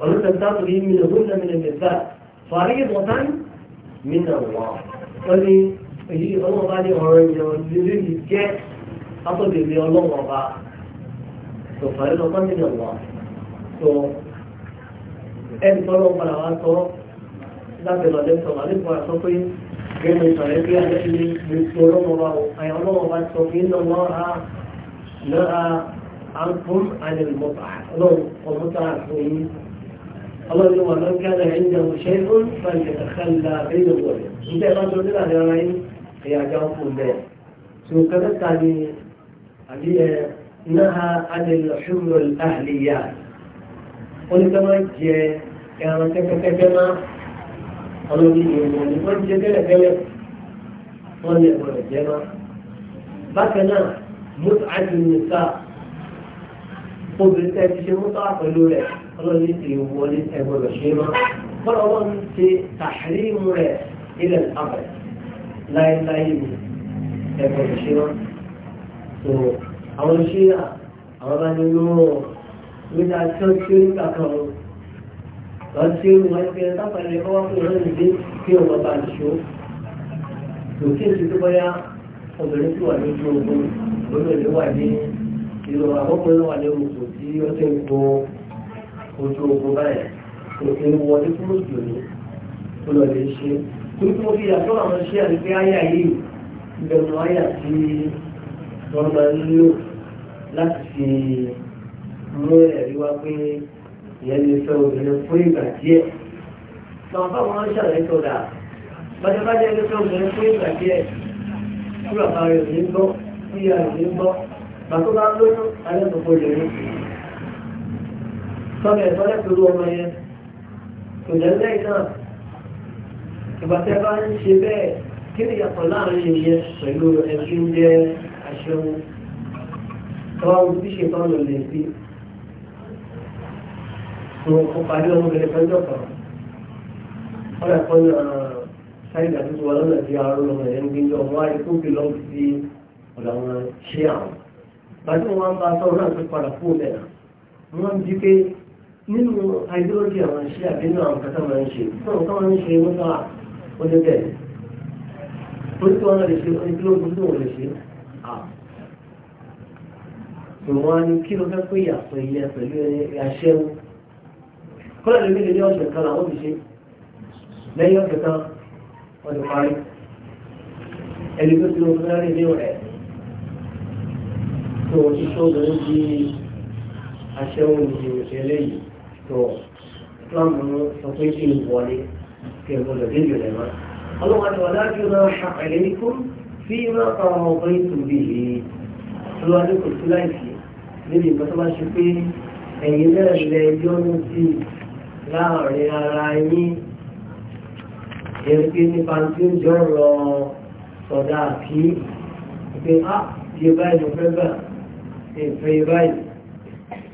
وأن تقضي منهن من النساء فريضة من الله ولي èyí ọlọ́wọ́ bá ní ọ̀rọ̀ ìyẹn lórí mi jẹ́ àtọ̀dèlé ọlọ́wọ́ bá tó fàyè lọ́kọ́ nínú ọ̀wọ́ tó ẹni tó lọ́wọ́ padà wá sọ láti lọ́dẹ́ sọ wà nípa sọ pé gẹ́gẹ́ ìsọ̀rẹ́ bí adẹ́lẹ́ lè tó ọlọ́wọ́ bá o àyà ọlọ́wọ́ bá sọ pé ń lọ́wọ́ ha náà عنكم عن المتعة لو ومتعة الله يقول من كان عنده شيء فليتخلى بين الغير انت رجل الى هذين يا جاوكم به شو كذبت علي علي نهى عن الحمر الأهلية قلت ما جاء كما تكتكما قالوا الله يقول من جاء كذا كذا قال يقول جمع بكنا متعة النساء obìnrin tẹ́ ti ṣe mọ́tàlá pẹ̀lú rẹ̀ ọlọ́run ti wọlé ẹgbọ́dọ̀ ṣe mọ́ bọ́lá wọn ń ṣe tàhírímù rẹ̀ ilẹ̀ abẹ̀ láéláé ni ẹgbọ́dọ̀ ṣe mọ́ so àwọn ṣe àwọn bá ní lóró nígbà tí wọ́n ṣe nígbà kan wọ́n ṣe wọ́n ṣe sápẹ̀lẹ̀ kọ́wọ́ pé wọ́n ń gbé kí ọmọ bá ń ṣó kò kí tó bọ́yá obìnrin tó wà lójú ogun olóòlù wà ní ìrora ọkùnrin wà lẹ́rù tí ó ti ń gbọ́ ojú ogun báyìí kò tí ń wọlé kúrò jù ní kó lọ lè ṣe kó tí mo fi yàtọ̀ àwọn iṣẹ́ àdúgbò ayà yìí ìbẹ̀rù ayà tí wọ́n láti fi mú ẹ̀rí wá pé ìyẹn lè fẹ́ obìnrin fún ìgbà díẹ̀ làwọn bá wọn ṣàlàyé tó dáa bàjẹ́bàjẹ́ lè fẹ́ obìnrin fún ìgbà díẹ̀ kúrò àbárẹ̀ òní gbọ́ kúrò àbárẹ̀ òní Bàtó bá lóyún alẹ́sọ̀kọ́ lóyún. Sọ́bẹ̀ ìtọ́lẹ̀ pẹ̀lú ọmọ yẹn. Kò jẹ́ lẹ́yìn náà. Ìgbàtẹ́ bá ń ṣe bẹ́ẹ̀ kí ni yàtọ̀ láàrin yẹn pẹ̀lú ẹbí ń jẹ́ aṣẹ́wó. Tọ́wọ́ bí ṣe tọ́ lò lè sí. Mo kọ́ parí ọmọbìnrin kan jọ̀ kan. Wọ́n yà kọ́ ní ọ̀rọ̀ sáyìn àti tí wọn lọ́nà tí arọ́ lọ́nà ẹ̀ ń gbé ọmọ ayé tó gbé lọ́wọ́ sí ọ̀dọ̀ àwọn ṣé àwọn pàdé wọn bá sọ̀rọ̀ náà padà fún ọbẹ̀ náà wọ́n di pé nínú ideology àwọn iṣẹ́ àbí nínú àwọn kata máa ń ṣe fún ọ̀kan máa ń ṣe wọ́n sọ oníbẹ̀ oníkó wọn lè ṣe oníkílógún tó wọn lè ṣe à ìwọ̀n ni kí ló fẹ́ pé ìyàtọ̀ ilẹ̀ pẹ̀lú aṣẹ́wó kọ́lá lè gbé ní ọ̀sẹ̀ kan làwọn ti ṣe lẹ́yìn ọ̀sẹ̀ kan wọ́n ti parí ẹni tó ti lọ fún tó wọ́n ti tó obìnrin di aṣẹ́wó ní òṣèlè yìí tó Islam sọ pé kí n wọlé kí n gbọdọ̀ dé ìrẹ̀lẹ̀ mọ́. ọlọ́wọ́n ti wà láti ra ní fún nípa tí ó jọ rọ sọ̀dá àkí pé á ah, yẹ báyìí mo fẹ́ bẹ́ẹ̀ nǹkan yìí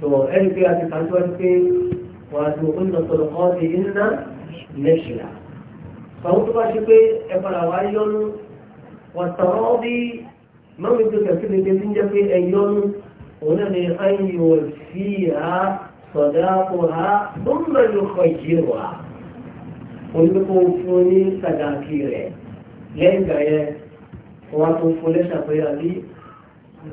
so tó ẹni pé a ti kà síwájú pé wàá tó ń lọ sọ̀rọ̀ kọ́ ti iná nẹ́ṣìlá àwọn tó bá ṣe pé ẹ padà wá yọnu wà sọ̀rọ̀ bí mọ́mí tó kẹ̀kẹ́ lè ti ń jẹ́ pé ni ayò sí ha sọ̀dá kò ha tó ń lọ yóò kọ̀ yìí wà oníkó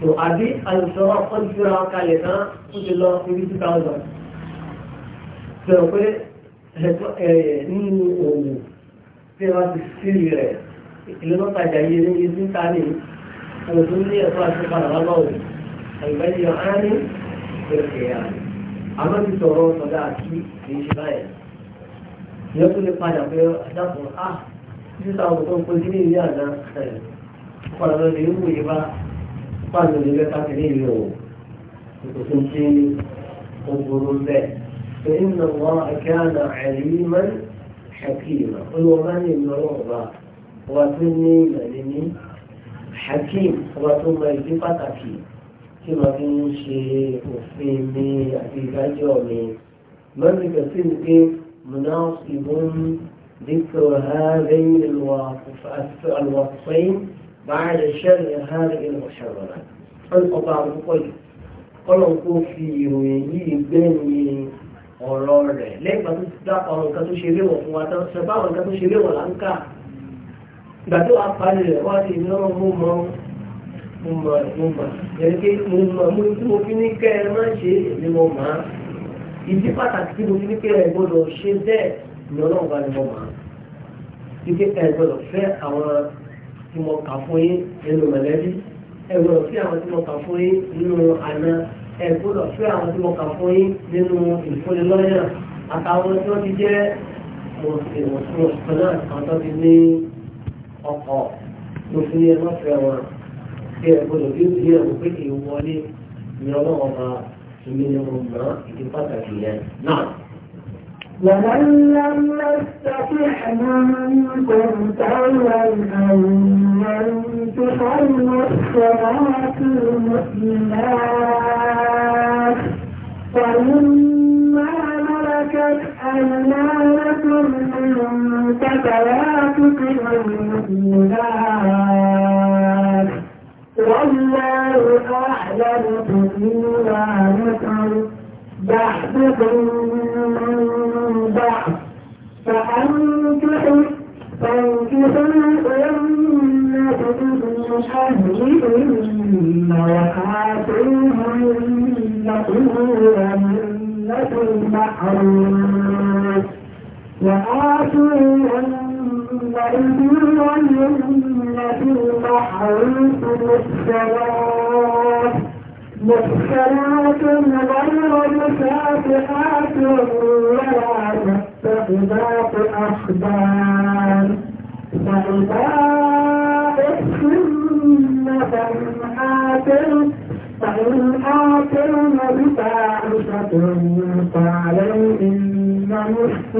tó àbí àlùsọ́rọ̀ wọ́n ti fúra kalẹ̀ tán ó ti lọ ibi two thousand sọ pé nínú òwò tí wọ́n ti sílì rẹ̀ ìlú náà tajà yé ní ibi níta ní àwọn tó ní ẹ̀kọ́ àti padà wá báwò àgbẹ̀yẹ ọ̀hání ìrẹ̀kẹ̀ yà àmọ́ ti sọ̀rọ̀ sọ̀dá àti kìí ṣe báyìí ìyẹn tó lè padà pé dákun á títí táwọn tó ń pè sí ní ìyá àná padà fáànù ní mẹ́ta ti ní ìlú kò tún sí ogoro bẹ́ẹ̀. فإن الله كان عليما حكيما هو من المرغبة وتني مني حكيم وثم يجبتك كما في شيء وفيني في جومي من كسلك مناصب ذكر هذين الوصفين بعد شر هذه المحرمات ọlọ́pàá àkọ́kọ́ yìí kọ́lọ̀ kó fi ìròyìn yìí gbẹ́yìn ọ̀rọ̀ rẹ̀ lẹ́gbàá tó ti dápa àwọn nǹkan tó ṣe léwọ̀ fún wa tán ṣe bá àwọn nǹkan tó ṣe léwọ̀ là ń kà ìgbà tó apalẹ̀ rẹ̀ wá sí iná mú mọ́ mú mọ́ mú mọ́ pé mo mọ̀ mú tí mo fi ní kẹ́ ẹ má ṣe èmi mo mọ̀ ìdí pàtàkì tí mo fi ní kẹ́ ẹ gbọ́dọ̀ ṣe bẹ́ẹ̀ ni ọlọ́run bá ní mo mọ̀ ìdí ẹ gbọ́dọ̀ fẹ́ àwọn tí mo kà fún yín nínú mọ̀lẹ́bí ẹ gbọ́dọ̀ fẹ́ àwọn tí mo kà fún yín nínú àná ẹ gbọ́dọ̀ fẹ́ àwọn tí mo kà fún yín nínú ìfúnnilọ́yà àtàwọn tí wọ́n ti jẹ́ mọ̀sùmọ̀sùmọ̀ náà àwọn tó ti ní ọkọ̀ tó fi ẹ má wọn kí ẹ gbọ́dọ̀ bí ó ti yẹ wọ́n pé kì í wọlé ìyọ́nà ọba ìmìnira ìdí pàtàkì yẹn náà. ومن لم يستطع منكم طولا أن ينكح الصلاه المؤمنات فمما ملكت أيمانكم من فتياتكم المؤمنات والله أعلم بإيمانكم بعضكم من بعض فأنكحوا فانكحوا الأمة بأهلهن وآتوهن أجورهن بالمعروف وآتوهن أجورهن محسنات غير مسافحات ولا متخذات أخبار فإذا أحسن فإن فإن آتين بفاحشة فعليهن نصف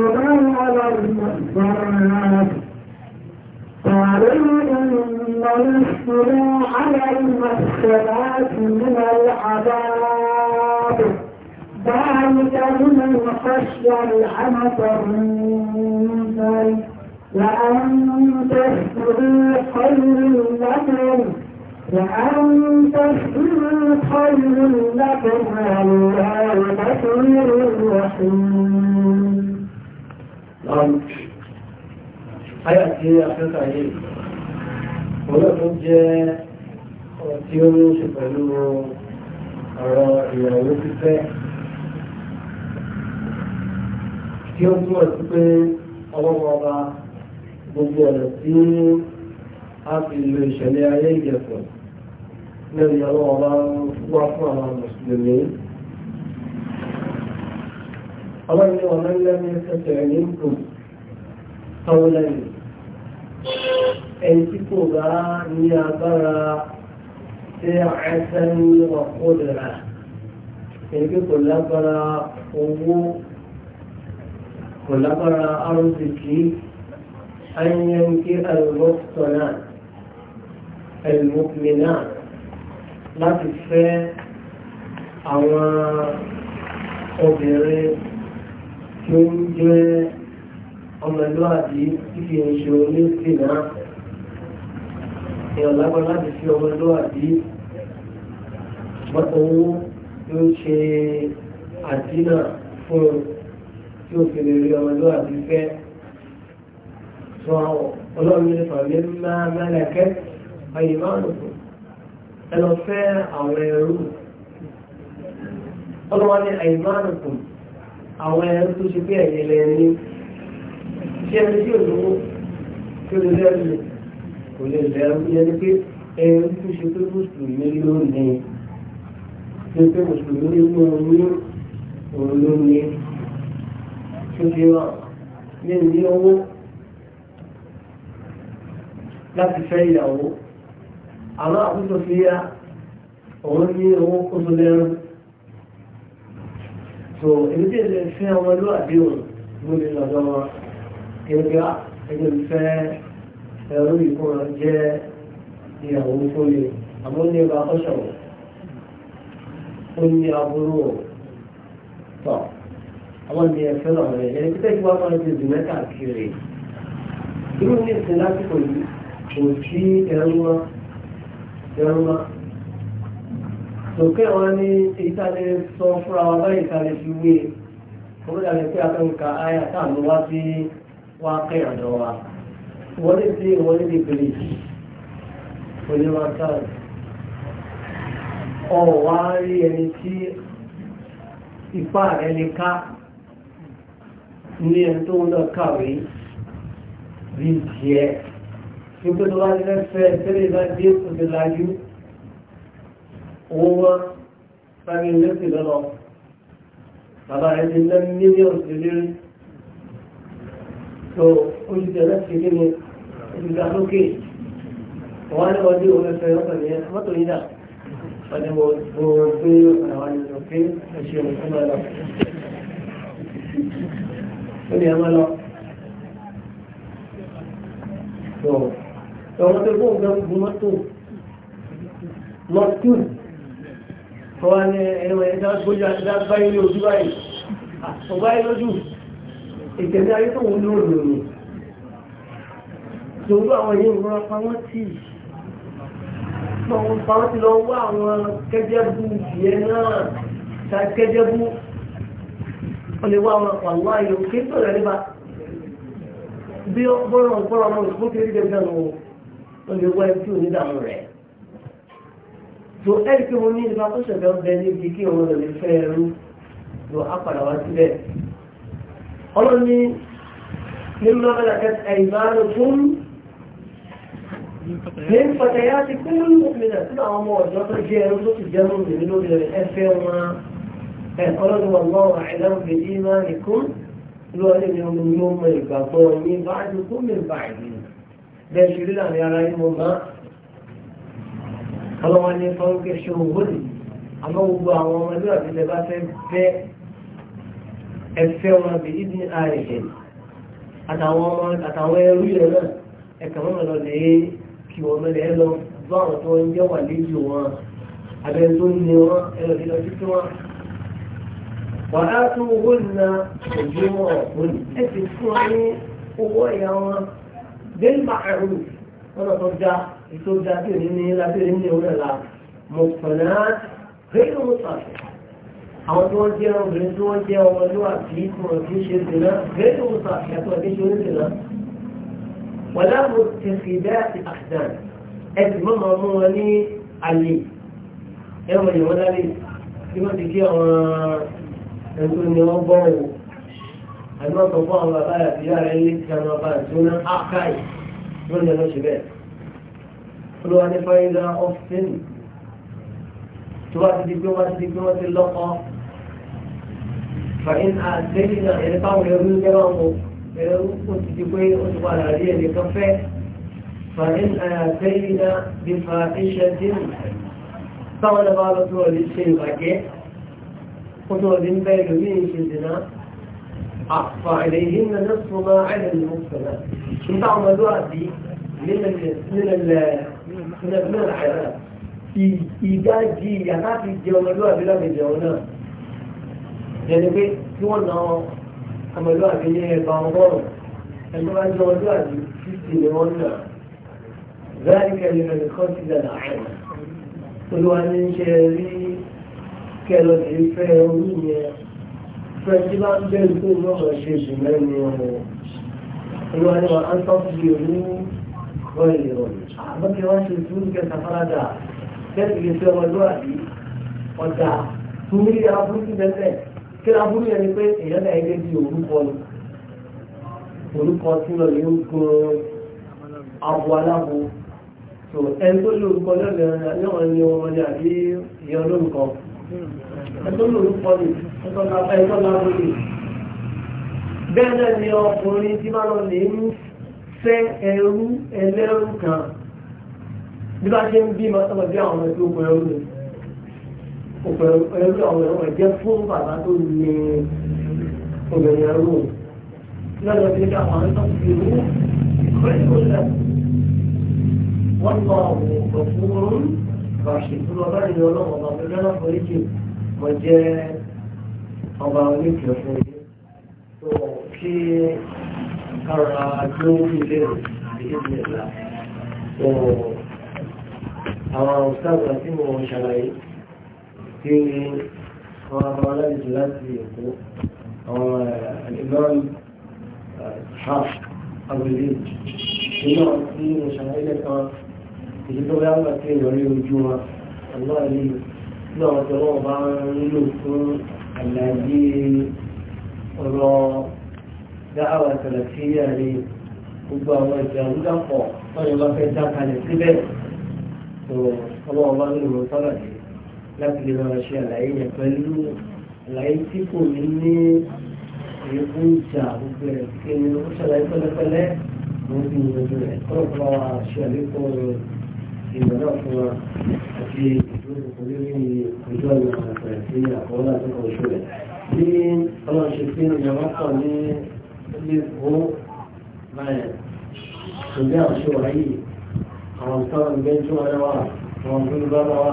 على المحصنات قالوا إنما اصطلع على المحسنات من العذاب ذلك لمن خشي العنة منكم وأن تسجدوا خير لكم وأن تسجدوا خير لكم والله بصير رحيم àyà tí afẹ́ta yìí ọ̀rọ̀ tó jẹ́ ọ̀rọ̀ tí ó ní ṣe pẹ̀lú ọ̀rọ̀ ìyàwó fífẹ́ tí ó túnmọ̀ sí pé ọlọ́wọ́ ọba gbogbo ọ̀nà tí a fi lo ìṣẹ̀lẹ̀ ayé ìjẹ̀fọ̀ lẹ́yìn ọlọ́wọ́ ọba wá fún àwọn mùsùlùmí ọlọ́run ní ọ̀nà ilẹ̀ ní ẹsẹ̀ rẹ̀ ní kù tọ́wọ́lẹ́yìn ẹni tí kò bá ní agbára tí ẹsẹ̀ ń wà kó dara ẹni tí kò lágbára owó kò lágbára arúgbìkì ayẹyẹ kí alùpùpù náà láti fẹ́ àwọn obìnrin tó ń jẹ́ ọmọlúwàbí fífi ẹṣẹ oníṣìnà èèyàn lágbọn láti fi ọmọlúwàbí mọ́tò owó ló ṣe àdínà fún un tí ó fi lè rí ọmọlúwàbí fẹ́ sọ ọlọ́run ní fàmí ńlá mẹ́lẹ̀kẹ́ ayé máa ń kù ẹ lọ fẹ́ àwọn ẹrú ọlọ́wọ́n ní ayé máa ń kù àwọn ẹrú tó ṣe bí ẹ̀yẹ lẹ́ni ṣé ẹni tí olówó tí ó lè lẹ́rù lè kò lè lẹ́rù yẹn ni pé ẹni tó ṣe pé mùsùlùmí lónìí ṣe pé mùsùlùmí lónìí òun lónìí tó ṣe wà ní ní owó láti fẹ́ ìyàwó àmọ́ àkókò fi yá òun ní owó kó tó lẹ́rù so èmi tí èdè fẹ́ ọmọlúwàbí òun ló lè lọ́dọ́ wọn ẹgbẹ́ ẹgbẹ́ fẹ́ ẹ̀rọ ìkóra jẹ́ ìyàwó tó lè àmọ́ ní ẹgbẹ́ akọ́ṣọ̀wọ̀ ó ní aburú ọ̀ tọ̀ àwọn ní ẹ̀fẹ́ náà rẹ̀ ẹni pípẹ́ kí wọ́n máa ń tẹ̀sí mẹ́ta kiri irú ní ìsìn lásìkò yìí kò sí ẹrú mọ́ ẹrú mọ́ sókè wọn ní ìtàlẹ̀ sọ fúnra wọn báyìí ìtàlẹ̀ fi wé kọ́mọ́dà ní pé akẹ́kọ̀ọ́ àyà táà sí واقع دواء ولدي ولدي بليس ولدي وكال ọ̀wá rí ẹni tí ipá rẹ̀ lè ká ní ẹni tó ń lọ kàwé bí jẹ́ nígbé tó bá jẹ́ fẹ́ tẹ́lẹ̀ bá dé òde lájú owó wọn sáré lẹ́sìn lọ́lọ́ bàbá rẹ̀ ti tó olùdíje láti ṣe ní olùdíje lókè wọn ní ọdún olùfẹ́ ọkàn yẹn mọ́tò yìí dà wọn ni mo gbé àwọn ènìyàn pé ẹṣẹ òkú máa lọ ó ní ẹ máa lọ tó ọmọ tó gbóhùn gan gun mọ́tò mọ́tò wọn ni ẹ̀rọ ẹ̀dá gbójú àti dá báyìí ní ojú báyìí ọgbà ah, yìí lójú ìtẹ̀lé ayé tó wọ́n lóòrò ní ṣòwú àwọn èyí ń rọra pa wọ́n tì lọ́wọ́ pa wọ́n ti lọ wá àwọn kẹ́jẹ́bù yẹn náà ta kẹ́jẹ́bù wọ́n lè wá àwọn àwọn ayò kí tó rẹ̀ nípa bí bọ́rọ̀ bọ́rọ̀ ọmọ ìfún kiri gẹ́gẹ́ nù wọ́n lè wá ẹbí onídàmú rẹ̀ tó ẹ̀rí pé mo ní ìfapọ́sẹ̀ bẹ́ẹ̀ bẹ́ẹ̀ níbi kí òun lè fẹ́ ẹrú lọ ọlọ́ni mímọ́ malakat aymanukum ní pàtàyà ti kún mọ́mìnà tí àwọn ọmọ ọ̀dọ́ tó jẹ́ ẹrú tó ti jẹ́ mọ́mìnà lórí rẹ̀ ẹfẹ́ wọn ọlọ́ni wọn lọ́wọ́ àìdáwọ̀ bèjì máa ní kún lọ́ọ̀lẹ́ ni ọmọ yóò mọ ìgbàgbọ́ ní báyìí kún mi báyìí bẹ́ẹ̀ ṣe rí láàrin ara yín mo máa ọlọ́wọ́ ní fọ́nkẹ́ ṣe òwúrì àmọ́ gbogbo àwọn ọmọ ẹgbẹ́ àti ẹ̀fẹ́ wọn bí ibi ààrẹ̀ àtàwọn ọmọ àtàwọn ẹrú yẹn náà ẹ̀kà mọ́mọ́ lọ lè kí wọ́n mẹ́lẹ̀ ẹ lọ bá àwọn tó ń jẹ́ wà lẹ́jọ́ wọn abẹ́ tó ní wọn ẹ̀rọ sí lọ títí wọn. wà á tún owó na òjú wọn ọ̀hún ẹ ti fún wa ní owó ẹ̀yà wọn bẹ́ẹ̀ máa ẹ̀rù wọn náà tó ètò dá sí òní ní lábẹ́rẹ́ ní òun náà mọ̀kànlá rẹ́yìn mọ́tò àṣẹ àwọn tí wọ́n jẹ́ obìnrin tí wọ́n jẹ́ ọmọ ló wà kí kùrọ̀ kí ṣe dènà gẹ́gẹ́ wọn sọ àṣàtọ̀ kí ṣe orí dènà wọ́n láàbò ti fi bẹ́ẹ̀ àti àṣìdàn ẹ sì mọ́ máa mú wọn ní àlè ẹ wọ̀ yìí wọ́n lálẹ́ tí wọ́n ti kí àwọn ẹ̀kọ́ ni wọ́n gbọ́ wò àbí wọ́n sọ fún àwọn bàbá àti ìyá rẹ̀ ní ti àwọn bàbá àti ọ̀nà àkáì ló lè lọ́ọ́ ṣe bẹ́ẹ̀ olúwa wọ́n ti di pé wọ́n ti lọ́kọ̀ọ́ فإن أتينا إلى قوم يقول جرامه كنت تقول أتقال هذه لكفة فإن أتينا بفائشة طبعا بعض طول الشيء بكي خطوة من بين مين شدنا فعليهن نصف ما على المحسنات انت طعم دي من ال من ال من الحيوانات إيجاجي يا كافي جوانا بلا بجوانا ẹni pé kí wọ́n na ọmọlú àbí ní ẹgbà ọgọ́rùn ẹni wá ní ọdún àbí fífi ni wọ́n nà láì kẹ́lẹ́ rẹ̀ kọ́ sí dàdà àìmọ̀ olúwa ní ń ṣe rí kẹlọ́ sí fẹ́ orí yẹn fẹ́ tí bá ń bẹ́ẹ̀ tó ní ọ̀rọ̀ ṣe jù mẹ́rin ọ̀rọ̀ olúwa ní wa ń tọ́jú bí òun gbọ́ ìrọ̀ àbọ̀kẹ́ wọ́n ṣe tún kẹta farada kẹ́sì lè fẹ́ ọmọlú àbí ọ̀dà tún ní ìyá burúkú bẹ́ẹ̀ kí ló burú yẹn ni pé èèyàn náà yẹ bí orúkọ ni orúkọ tí lọ lè ń kó abo aláwo ẹni tó lè orúkọ lọ́nà yọ̀wọ̀ ni wọn ni àbí ìyẹn olórúkọ ẹni tó lè orúkọ ni ẹni tó lábọ́ ni bẹ́ẹ̀ náà ni ọkùnrin tí máa lọ lè ń fẹ́ ẹrú ẹlẹ́rú kan bí bá ṣe ń bí mọ́tọ́mọ́ bí àwọn ọmọ tó gbọ́ ẹrú ni ọ̀rọ̀ ẹ̀jẹ̀ fún bàbá tó lè obìnrin ẹrú lọ́dọ̀ tí ká àwọn ẹ̀tọ́ fi rú kúrẹ́kù lẹ̀ wọ́n lọ àwọn òfurufú bàṣìkú ọba ìlú ọlọ́wọ́n ọba ìlú ọlọ́wọ́ ìjì mọ̀ jẹ́ ọba oníkẹ́ fún yìí tó kí kára tó ń lè ìdílé ìlà àwọn ọ̀sán àti mọ̀ ṣàlàyé tí wọ́n ọmọ aláìsí láti èkó àwọn ìlọrin half abúlé nínú tí mo ṣàlàyé kan èyí tó bá wà sí ìrọ̀rí ojú wọn àwọn ìlú tí àwọn tó wọ́n bá ń lò fún àlàyé ọ̀rọ̀ dáhàwà tẹ̀lẹ̀tìyà ni gbogbo àwọn ìjà ń dàpọ̀ wọ́n bá fẹ́ dá kalẹ̀ síbẹ̀ tó ọlọ́wọ́ bá ń lò yìí láti lè máa ṣe àlàyé yẹn pẹ̀lú àlàyé tí kò ní ní èébú ìjà gbogbo rẹ̀ kí ni ó ṣàlàyé pẹ́lẹ́pẹ́lẹ́ mo fi ìrìnàjò rẹ̀ kọ́ ọ̀pọ̀ àṣẹ àlékún ìmọ̀ náà fún wa àti ìdúró kò lórí ìjọ ìrìnàjò rẹ̀ sí àkọọ́lá tó kọ̀ oṣù rẹ̀. bí ọlọ́run ṣe fi ìjọba pọ̀ ní ilé ìfowó báyẹn ṣùgbọ́n àṣọ wáyé àwọn tó ń gbẹ́jọ́ rẹ̀ àwọn tó bá wà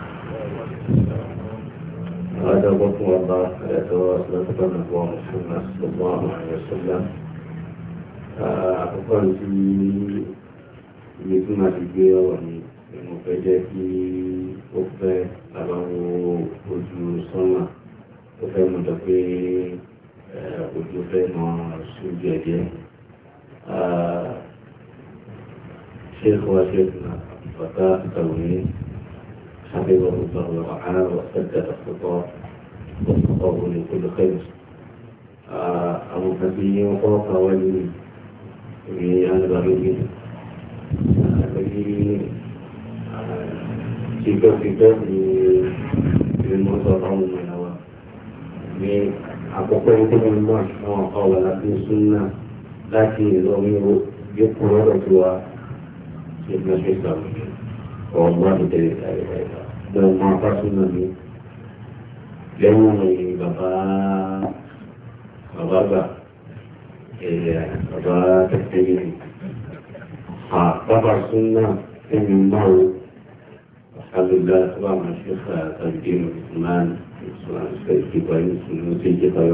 هذا وقت الله يتواصل أسلام الله محمد صلى الله عليه وسلم àkọ́kọ́ tí ibi tí máa ti gbé ọ̀rọ̀ ni mo fẹ́ jẹ́ kí ó fẹ́ àbáwo ojú sọ́nà ó fẹ́ mọ̀ jọ حفظه الله ورحمه وسدد خطاه وصفه لكل خير أبو حبيبي وقوقا ولي في أنا بغيبي بغيبي في كتاب في كتاب للمرضى عموما هو أبو قوقا من المعش هو قوة لكن السنة لكن الأمير يقرر رسوا في المسجد ọgbọ́n tẹ̀lé tàbí ẹ̀ka lọ́wọ́ máa bá súnmọ́ mi lẹ́wọ̀n bàbá bàbá gbà bàbá tẹ̀lé mi àbábà súnmọ́ ẹni márùn alùgbà tó wà máa ṣe fà tàbí mùsùlùmán mùsùlùmán ṣe ìgbà yìí mùsùlùmán ṣe ìjẹta yọ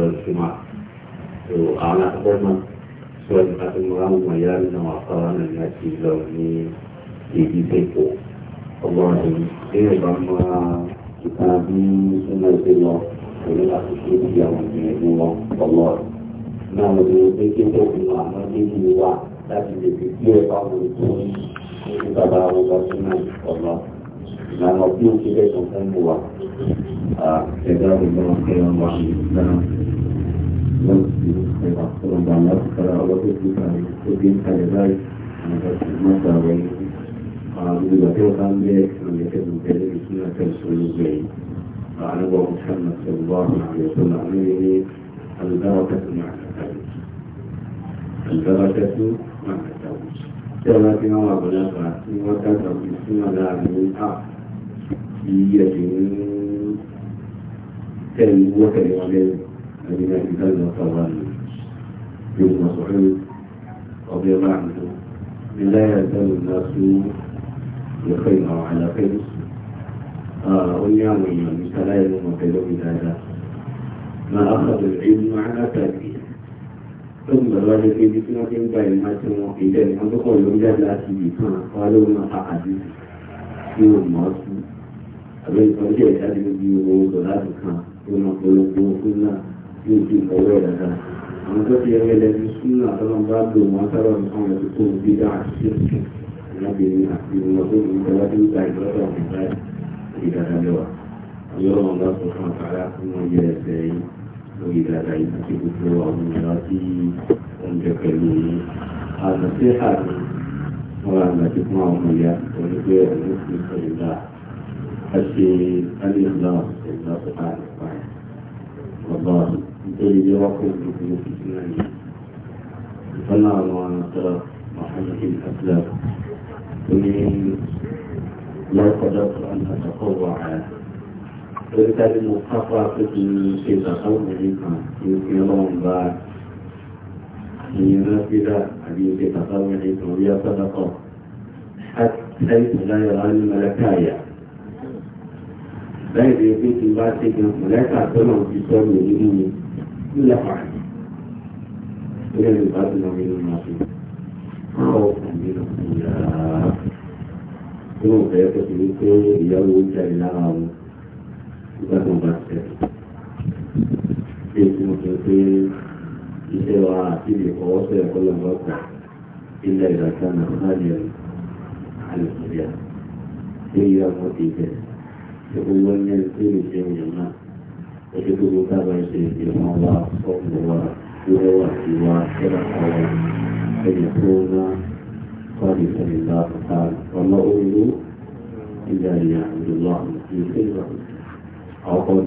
lọ ọgbọ́n rẹ̀ ní ìbá máa ìkan bí súnmọ́ ìpè lọ pẹ̀lú àtúnṣe ìdí àwọn ìgbìyànjú wọn ọgbọ́n rẹ̀. náà mo ti pé kí ó fi hàn án níbi wa láti lè fi kí ẹ bá wọn tó ní ní bàbá wọn bá súnmọ́ nígbà tí wọ́n bá ń bẹ́ ìrìnlẹ́kẹ̀dù bẹ̀rẹ̀ ìsúná tẹ̀sán lógbẹ̀ẹ́ àánúwọ̀ muhammad sallallahu alaihi wasallam ní ní albarakatu ma katawu albarakatu ma katawu tí wọ́n ti wọ́n wà bọ́lá bá tí wọ́n dàgbà bí súná láàrin a kí ẹ̀jẹ̀ ń tẹ̀lé wọ́kẹ̀lé wọn lẹ́yìn àdínà ìdájọ́ ọ̀tọ̀wá ni yóò mọ̀ sọ̀rọ̀ ọ̀bẹ̀ bá ń lọ ní láyà ìdájọ́ lẹ́fẹ́ ìhàn àlàfẹ́ lùsùn ó ní àwọn èèyàn ní sáláì ló mọ̀ pẹ̀lú mi dáadáa na àkàdé ìlú alákàdé tó ń bẹ̀rẹ̀ wájú pé ibi tí wọ́n ti ń gba ìmọ̀ tí wọ́n ìdẹ́ ni wọ́n tó kọ̀ ló ń jáde láti ibì kan wá ló ń fa àdìsí tí wọ́n mọ̀ ọ́ sí àbẹ́ ìtọ́jú ẹ̀ jáde níbi owó lọ láti kan tó ń polongo fún náà tí ó ti kọ̀wé dáadáa àwọn tó ti yẹ arábìnrin àti ọmọdé ìgbàlájú ìgbà ìgbàlódé àwọn ìgbà ìdàdàlẹ́wà àyọ̀rọ̀ wọn bá sọ fún àkàrà fún wọn yẹ ẹsẹ̀ yìí lórí ìdàdà yìí àti gbogbo àwọn ìlà tí wọ́n jẹ pẹ̀lú yìí. àtàtì àti wọn àgbàtì fún àwọn ọmọ ìyá pẹ̀lú pé ọ̀nà ti sọ ìlà a ṣe alẹ́lá ìlà náà yìí. لو قدرت أن أتطوع بالتالي المصطفى في في تطوعي يمكن لهم بعد ينافذ في تطوعي ويا صدقة حتى لا يرى الملكاية بين يبيت الباسك ملاكا تنو في صوم يجيني إلا فعلا إلى الباسل من المعصوم خوفا من النار inú ìfẹ́ ọ̀pọ̀ وهو سوى صدق أن يكون خالصا لله قال وما أريد إلا ليعبد الله مخلصين أو قول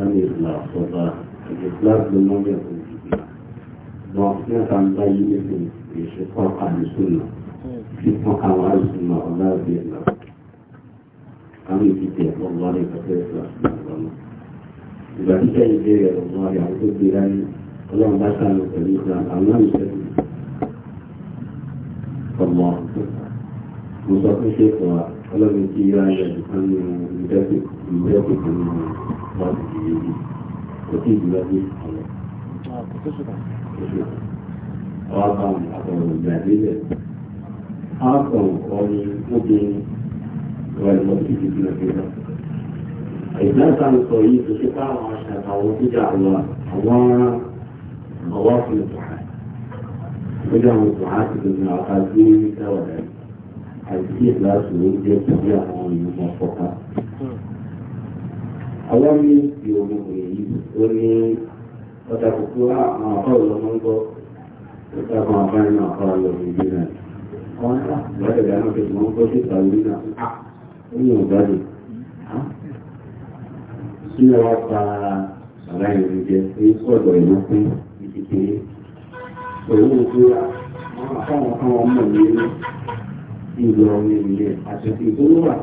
الإخلاص والله الإخلاص بالنوم يكون وأثناء عن بينه في شقاق أهل السنة في شقاق أهل السنة والله في الله àmì ìdíje ọlọ́rin pẹ̀lú ìgbà ìgbà ìgbà ìgbà ìgbà ìgbà ìgbà ìgbà ìgbà ọlọ́run bá pẹ̀lú ìgbà àwọn ìṣẹ́lẹ̀ ọmọ mo pé ṣe fọ ọlọ́run kí yíra ayọ̀ nìkan ìdẹ́kùnkùn ní ọdún yìí kò tí ìgbà nílẹ̀ ọ̀rọ̀ obìnrin ń sọ yìí kò sí pé àwọn aṣàkàwọ̀ tó jà lọ àwọn قوافل الدعاة وجعل الدعاة بالمعقدين كولا الكيف لا سيوجد تبعهم الموفقة أولي يوم العيد وني وتفكرا ما قول منك وكما كان قال ربنا قال لا يدعنا في المنقص قلنا ní ọ̀gbádùn sí ọwọ́ pa àláìrí jẹ ní ọ̀dọ̀ ìlú pín pé pẹ̀lú ìfúra àwọn àkàwọn kan ọmọ ìlú ìlọrin ilé àti ìdúró wà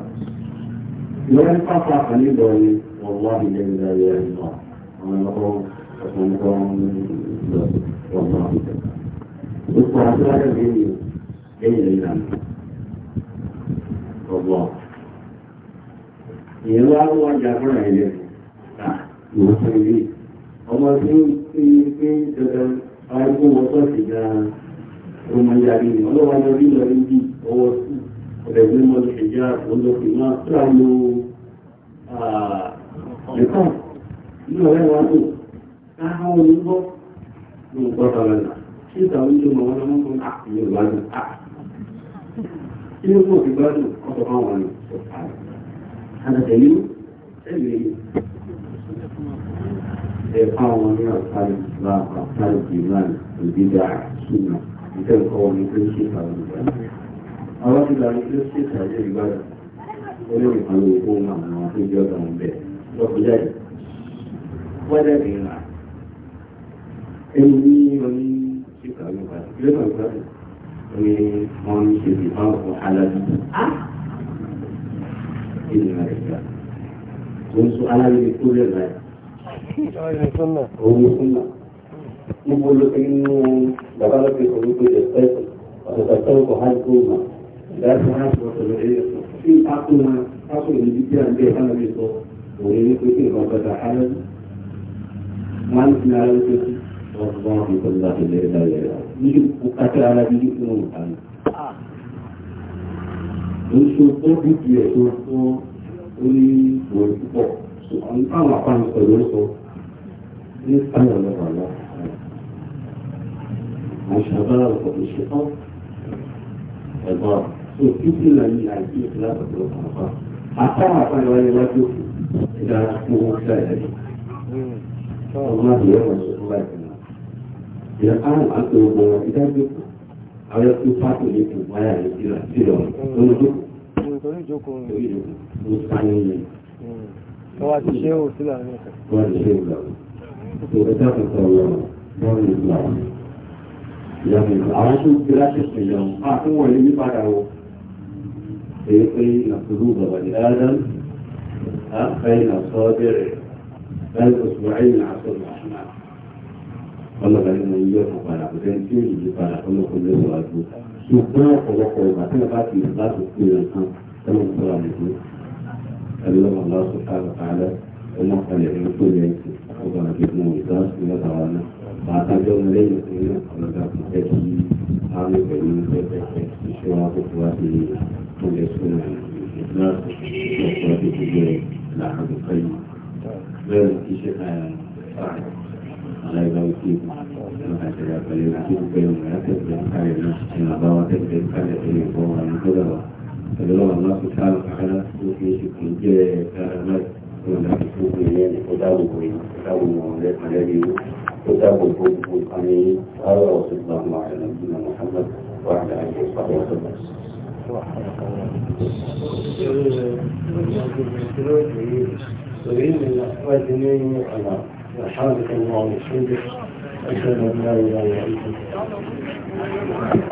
lọ́rẹ́ pápá àní ọ̀wá ilé ìdarí ẹni wà àwọn ọkọ̀ ọ̀pọ̀lọpọ̀ ọmọ ìlú Gbogbo àtúwárẹ̀ mi ẹ̀yìn ìlànà ọ̀gbọ̀n. Ìyẹn wá wọ́n jà fúnra ah, ilé. Ìwọ́n fún ilé ọmọ tí ń fi pé dandan arúgbó wọn sọ́ọ̀sì gan-an ó ni ọlọ́wọ́ ni orí lọ níbi ọwọ́ sí ọ̀rẹ́ ní mọ́ ṣèjá olókè máa tó àlò nìkan ní ọ̀rẹ́ wa tó káwọn onígbọ́ ní ìgbọ́ta lọ́nà tí ìtàwọn ìjọ mọ̀ wọn lọ́mọ́ fún àkùnrin ìgbádùn ilé fún òfin gbádùn ọ̀tọ̀ fáwọn ọ̀nà ẹ̀ka wọn ní àkàrí ìgbà àkàrí ìgbà ìgbéga ṣùgbọ́n ìfẹ́ ìkọ́ wọn ní kírísítà ìgbà. àwọn ti gbà ní kírísítà ìjọ ìgbàdà olórí ìpàlẹ̀ òkú máa ń wọn tó jẹ́ ọ̀dọ̀ wọn bẹ́ẹ̀ lọ́kọ̀ jáde. wọ́n jáde ìlà ẹni ní oní kírísítà ìgbà ìgbà ìgbà ni wọ́n ń ṣe ìbáwọ̀ fún alájú. ìlànà ìgbà. oṣù alájú ni kúrẹ́ láyà òun súnà níbo ló fi nínú bàbá ló fi òun pé ẹ̀sẹ̀sẹ̀ ọ̀sẹ̀ tó kọ̀ hàn kó mà láti hàn kó sọ̀rọ̀ ẹ̀yẹ sí akúnà akúnà ìlú bí àǹdí ẹ̀ka ló fi sọ òun ní pé kí nǹkan bàtà hálẹ́ máa ń fi ara ló fi ọ̀gbọ́n fi kọ́ láti lè rẹ̀ rẹ̀ níbi kàtà ara níbi fún òun kan. Oṣù tó dúkìá tó fún orí ìwé púpọ̀, àwọn àpá ìṣòro sọ. أنا لا أعلم مشابهة وتطبيقها عبارة سوء كتير لأني أعيش لا تطلق عبارة حتى أعطاني وأنا لا تطلق إذا أحكمه كذلك والله يوم الله إذا كان أنت ربما إذا جئت أو يكون فاتو لكم ويا إلى سيرون ونجوك ونجوك ونجوك ونجوك ونجوك ونجوك ونجوك ونجوك ونجوك ونجوك ونجوك ونجوك autorità controllano, non l'islamico. Àwọn tó gbéra ṣẹ̀ṣẹ̀ yàn fún wọ̀nyí ní padà o. Èyí pé ìlàkùrú bàbá ní Adam, a fẹ́ ìlàsọ́ bẹ̀rẹ̀, láti oṣù àìyí àṣọ ìlàṣùnà. Ọlọ́gbà ní mo yẹ fún padà, kò tẹ́ tí ó yìí padà ọlọ́kùn lé wà jù. Ṣùgbọ́n ọ̀pọ̀lọpọ̀ ìgbà tí wọ́n bá ti láti pè é kan, tẹ́lẹ̀ ń sọ̀rọ̀ àmì fún. Ẹ̀lọ́mọ̀ lọ́sọ̀ káàkiri ọmọ kalẹ̀ ní tó yẹ kí. ọba àjẹmọ́ ìta ìlọ́ta wa náà àtàjọ́ ọmọ lẹ́yìn tí ọlọ́dà kò fẹ́ kí á lè pẹ̀lú pẹ́pẹ́pẹ́ iṣẹ́ wa kò fún wa sí ọjọ́ sọ́nà ìgbà ìṣọ̀kọ́ àti ìgbẹ́ làkàtọ̀ fẹ́yìn bẹ́ẹ̀ ni kí ṣe aláìlá òkè lọ́ka ìṣẹ̀lẹ̀ àpẹẹrẹ láti pẹ́ ọmọ yàtẹ̀gbẹ́ kárẹ̀ náà ìrìn àbáwá tẹ̀gbẹ́ kárẹ̀ tó lè bọ́ wa ní kọ́dà wa pẹ̀lú ọmọ aláṣọ sáà kárá tó fi ṣe kò jẹ́ kárá náà كتاب الكويت كتاب المعاملات ملابيه كتاب الحقوق والقانون هذا وصلى الله على نبينا محمد وعلى اله وصحبه وسلم.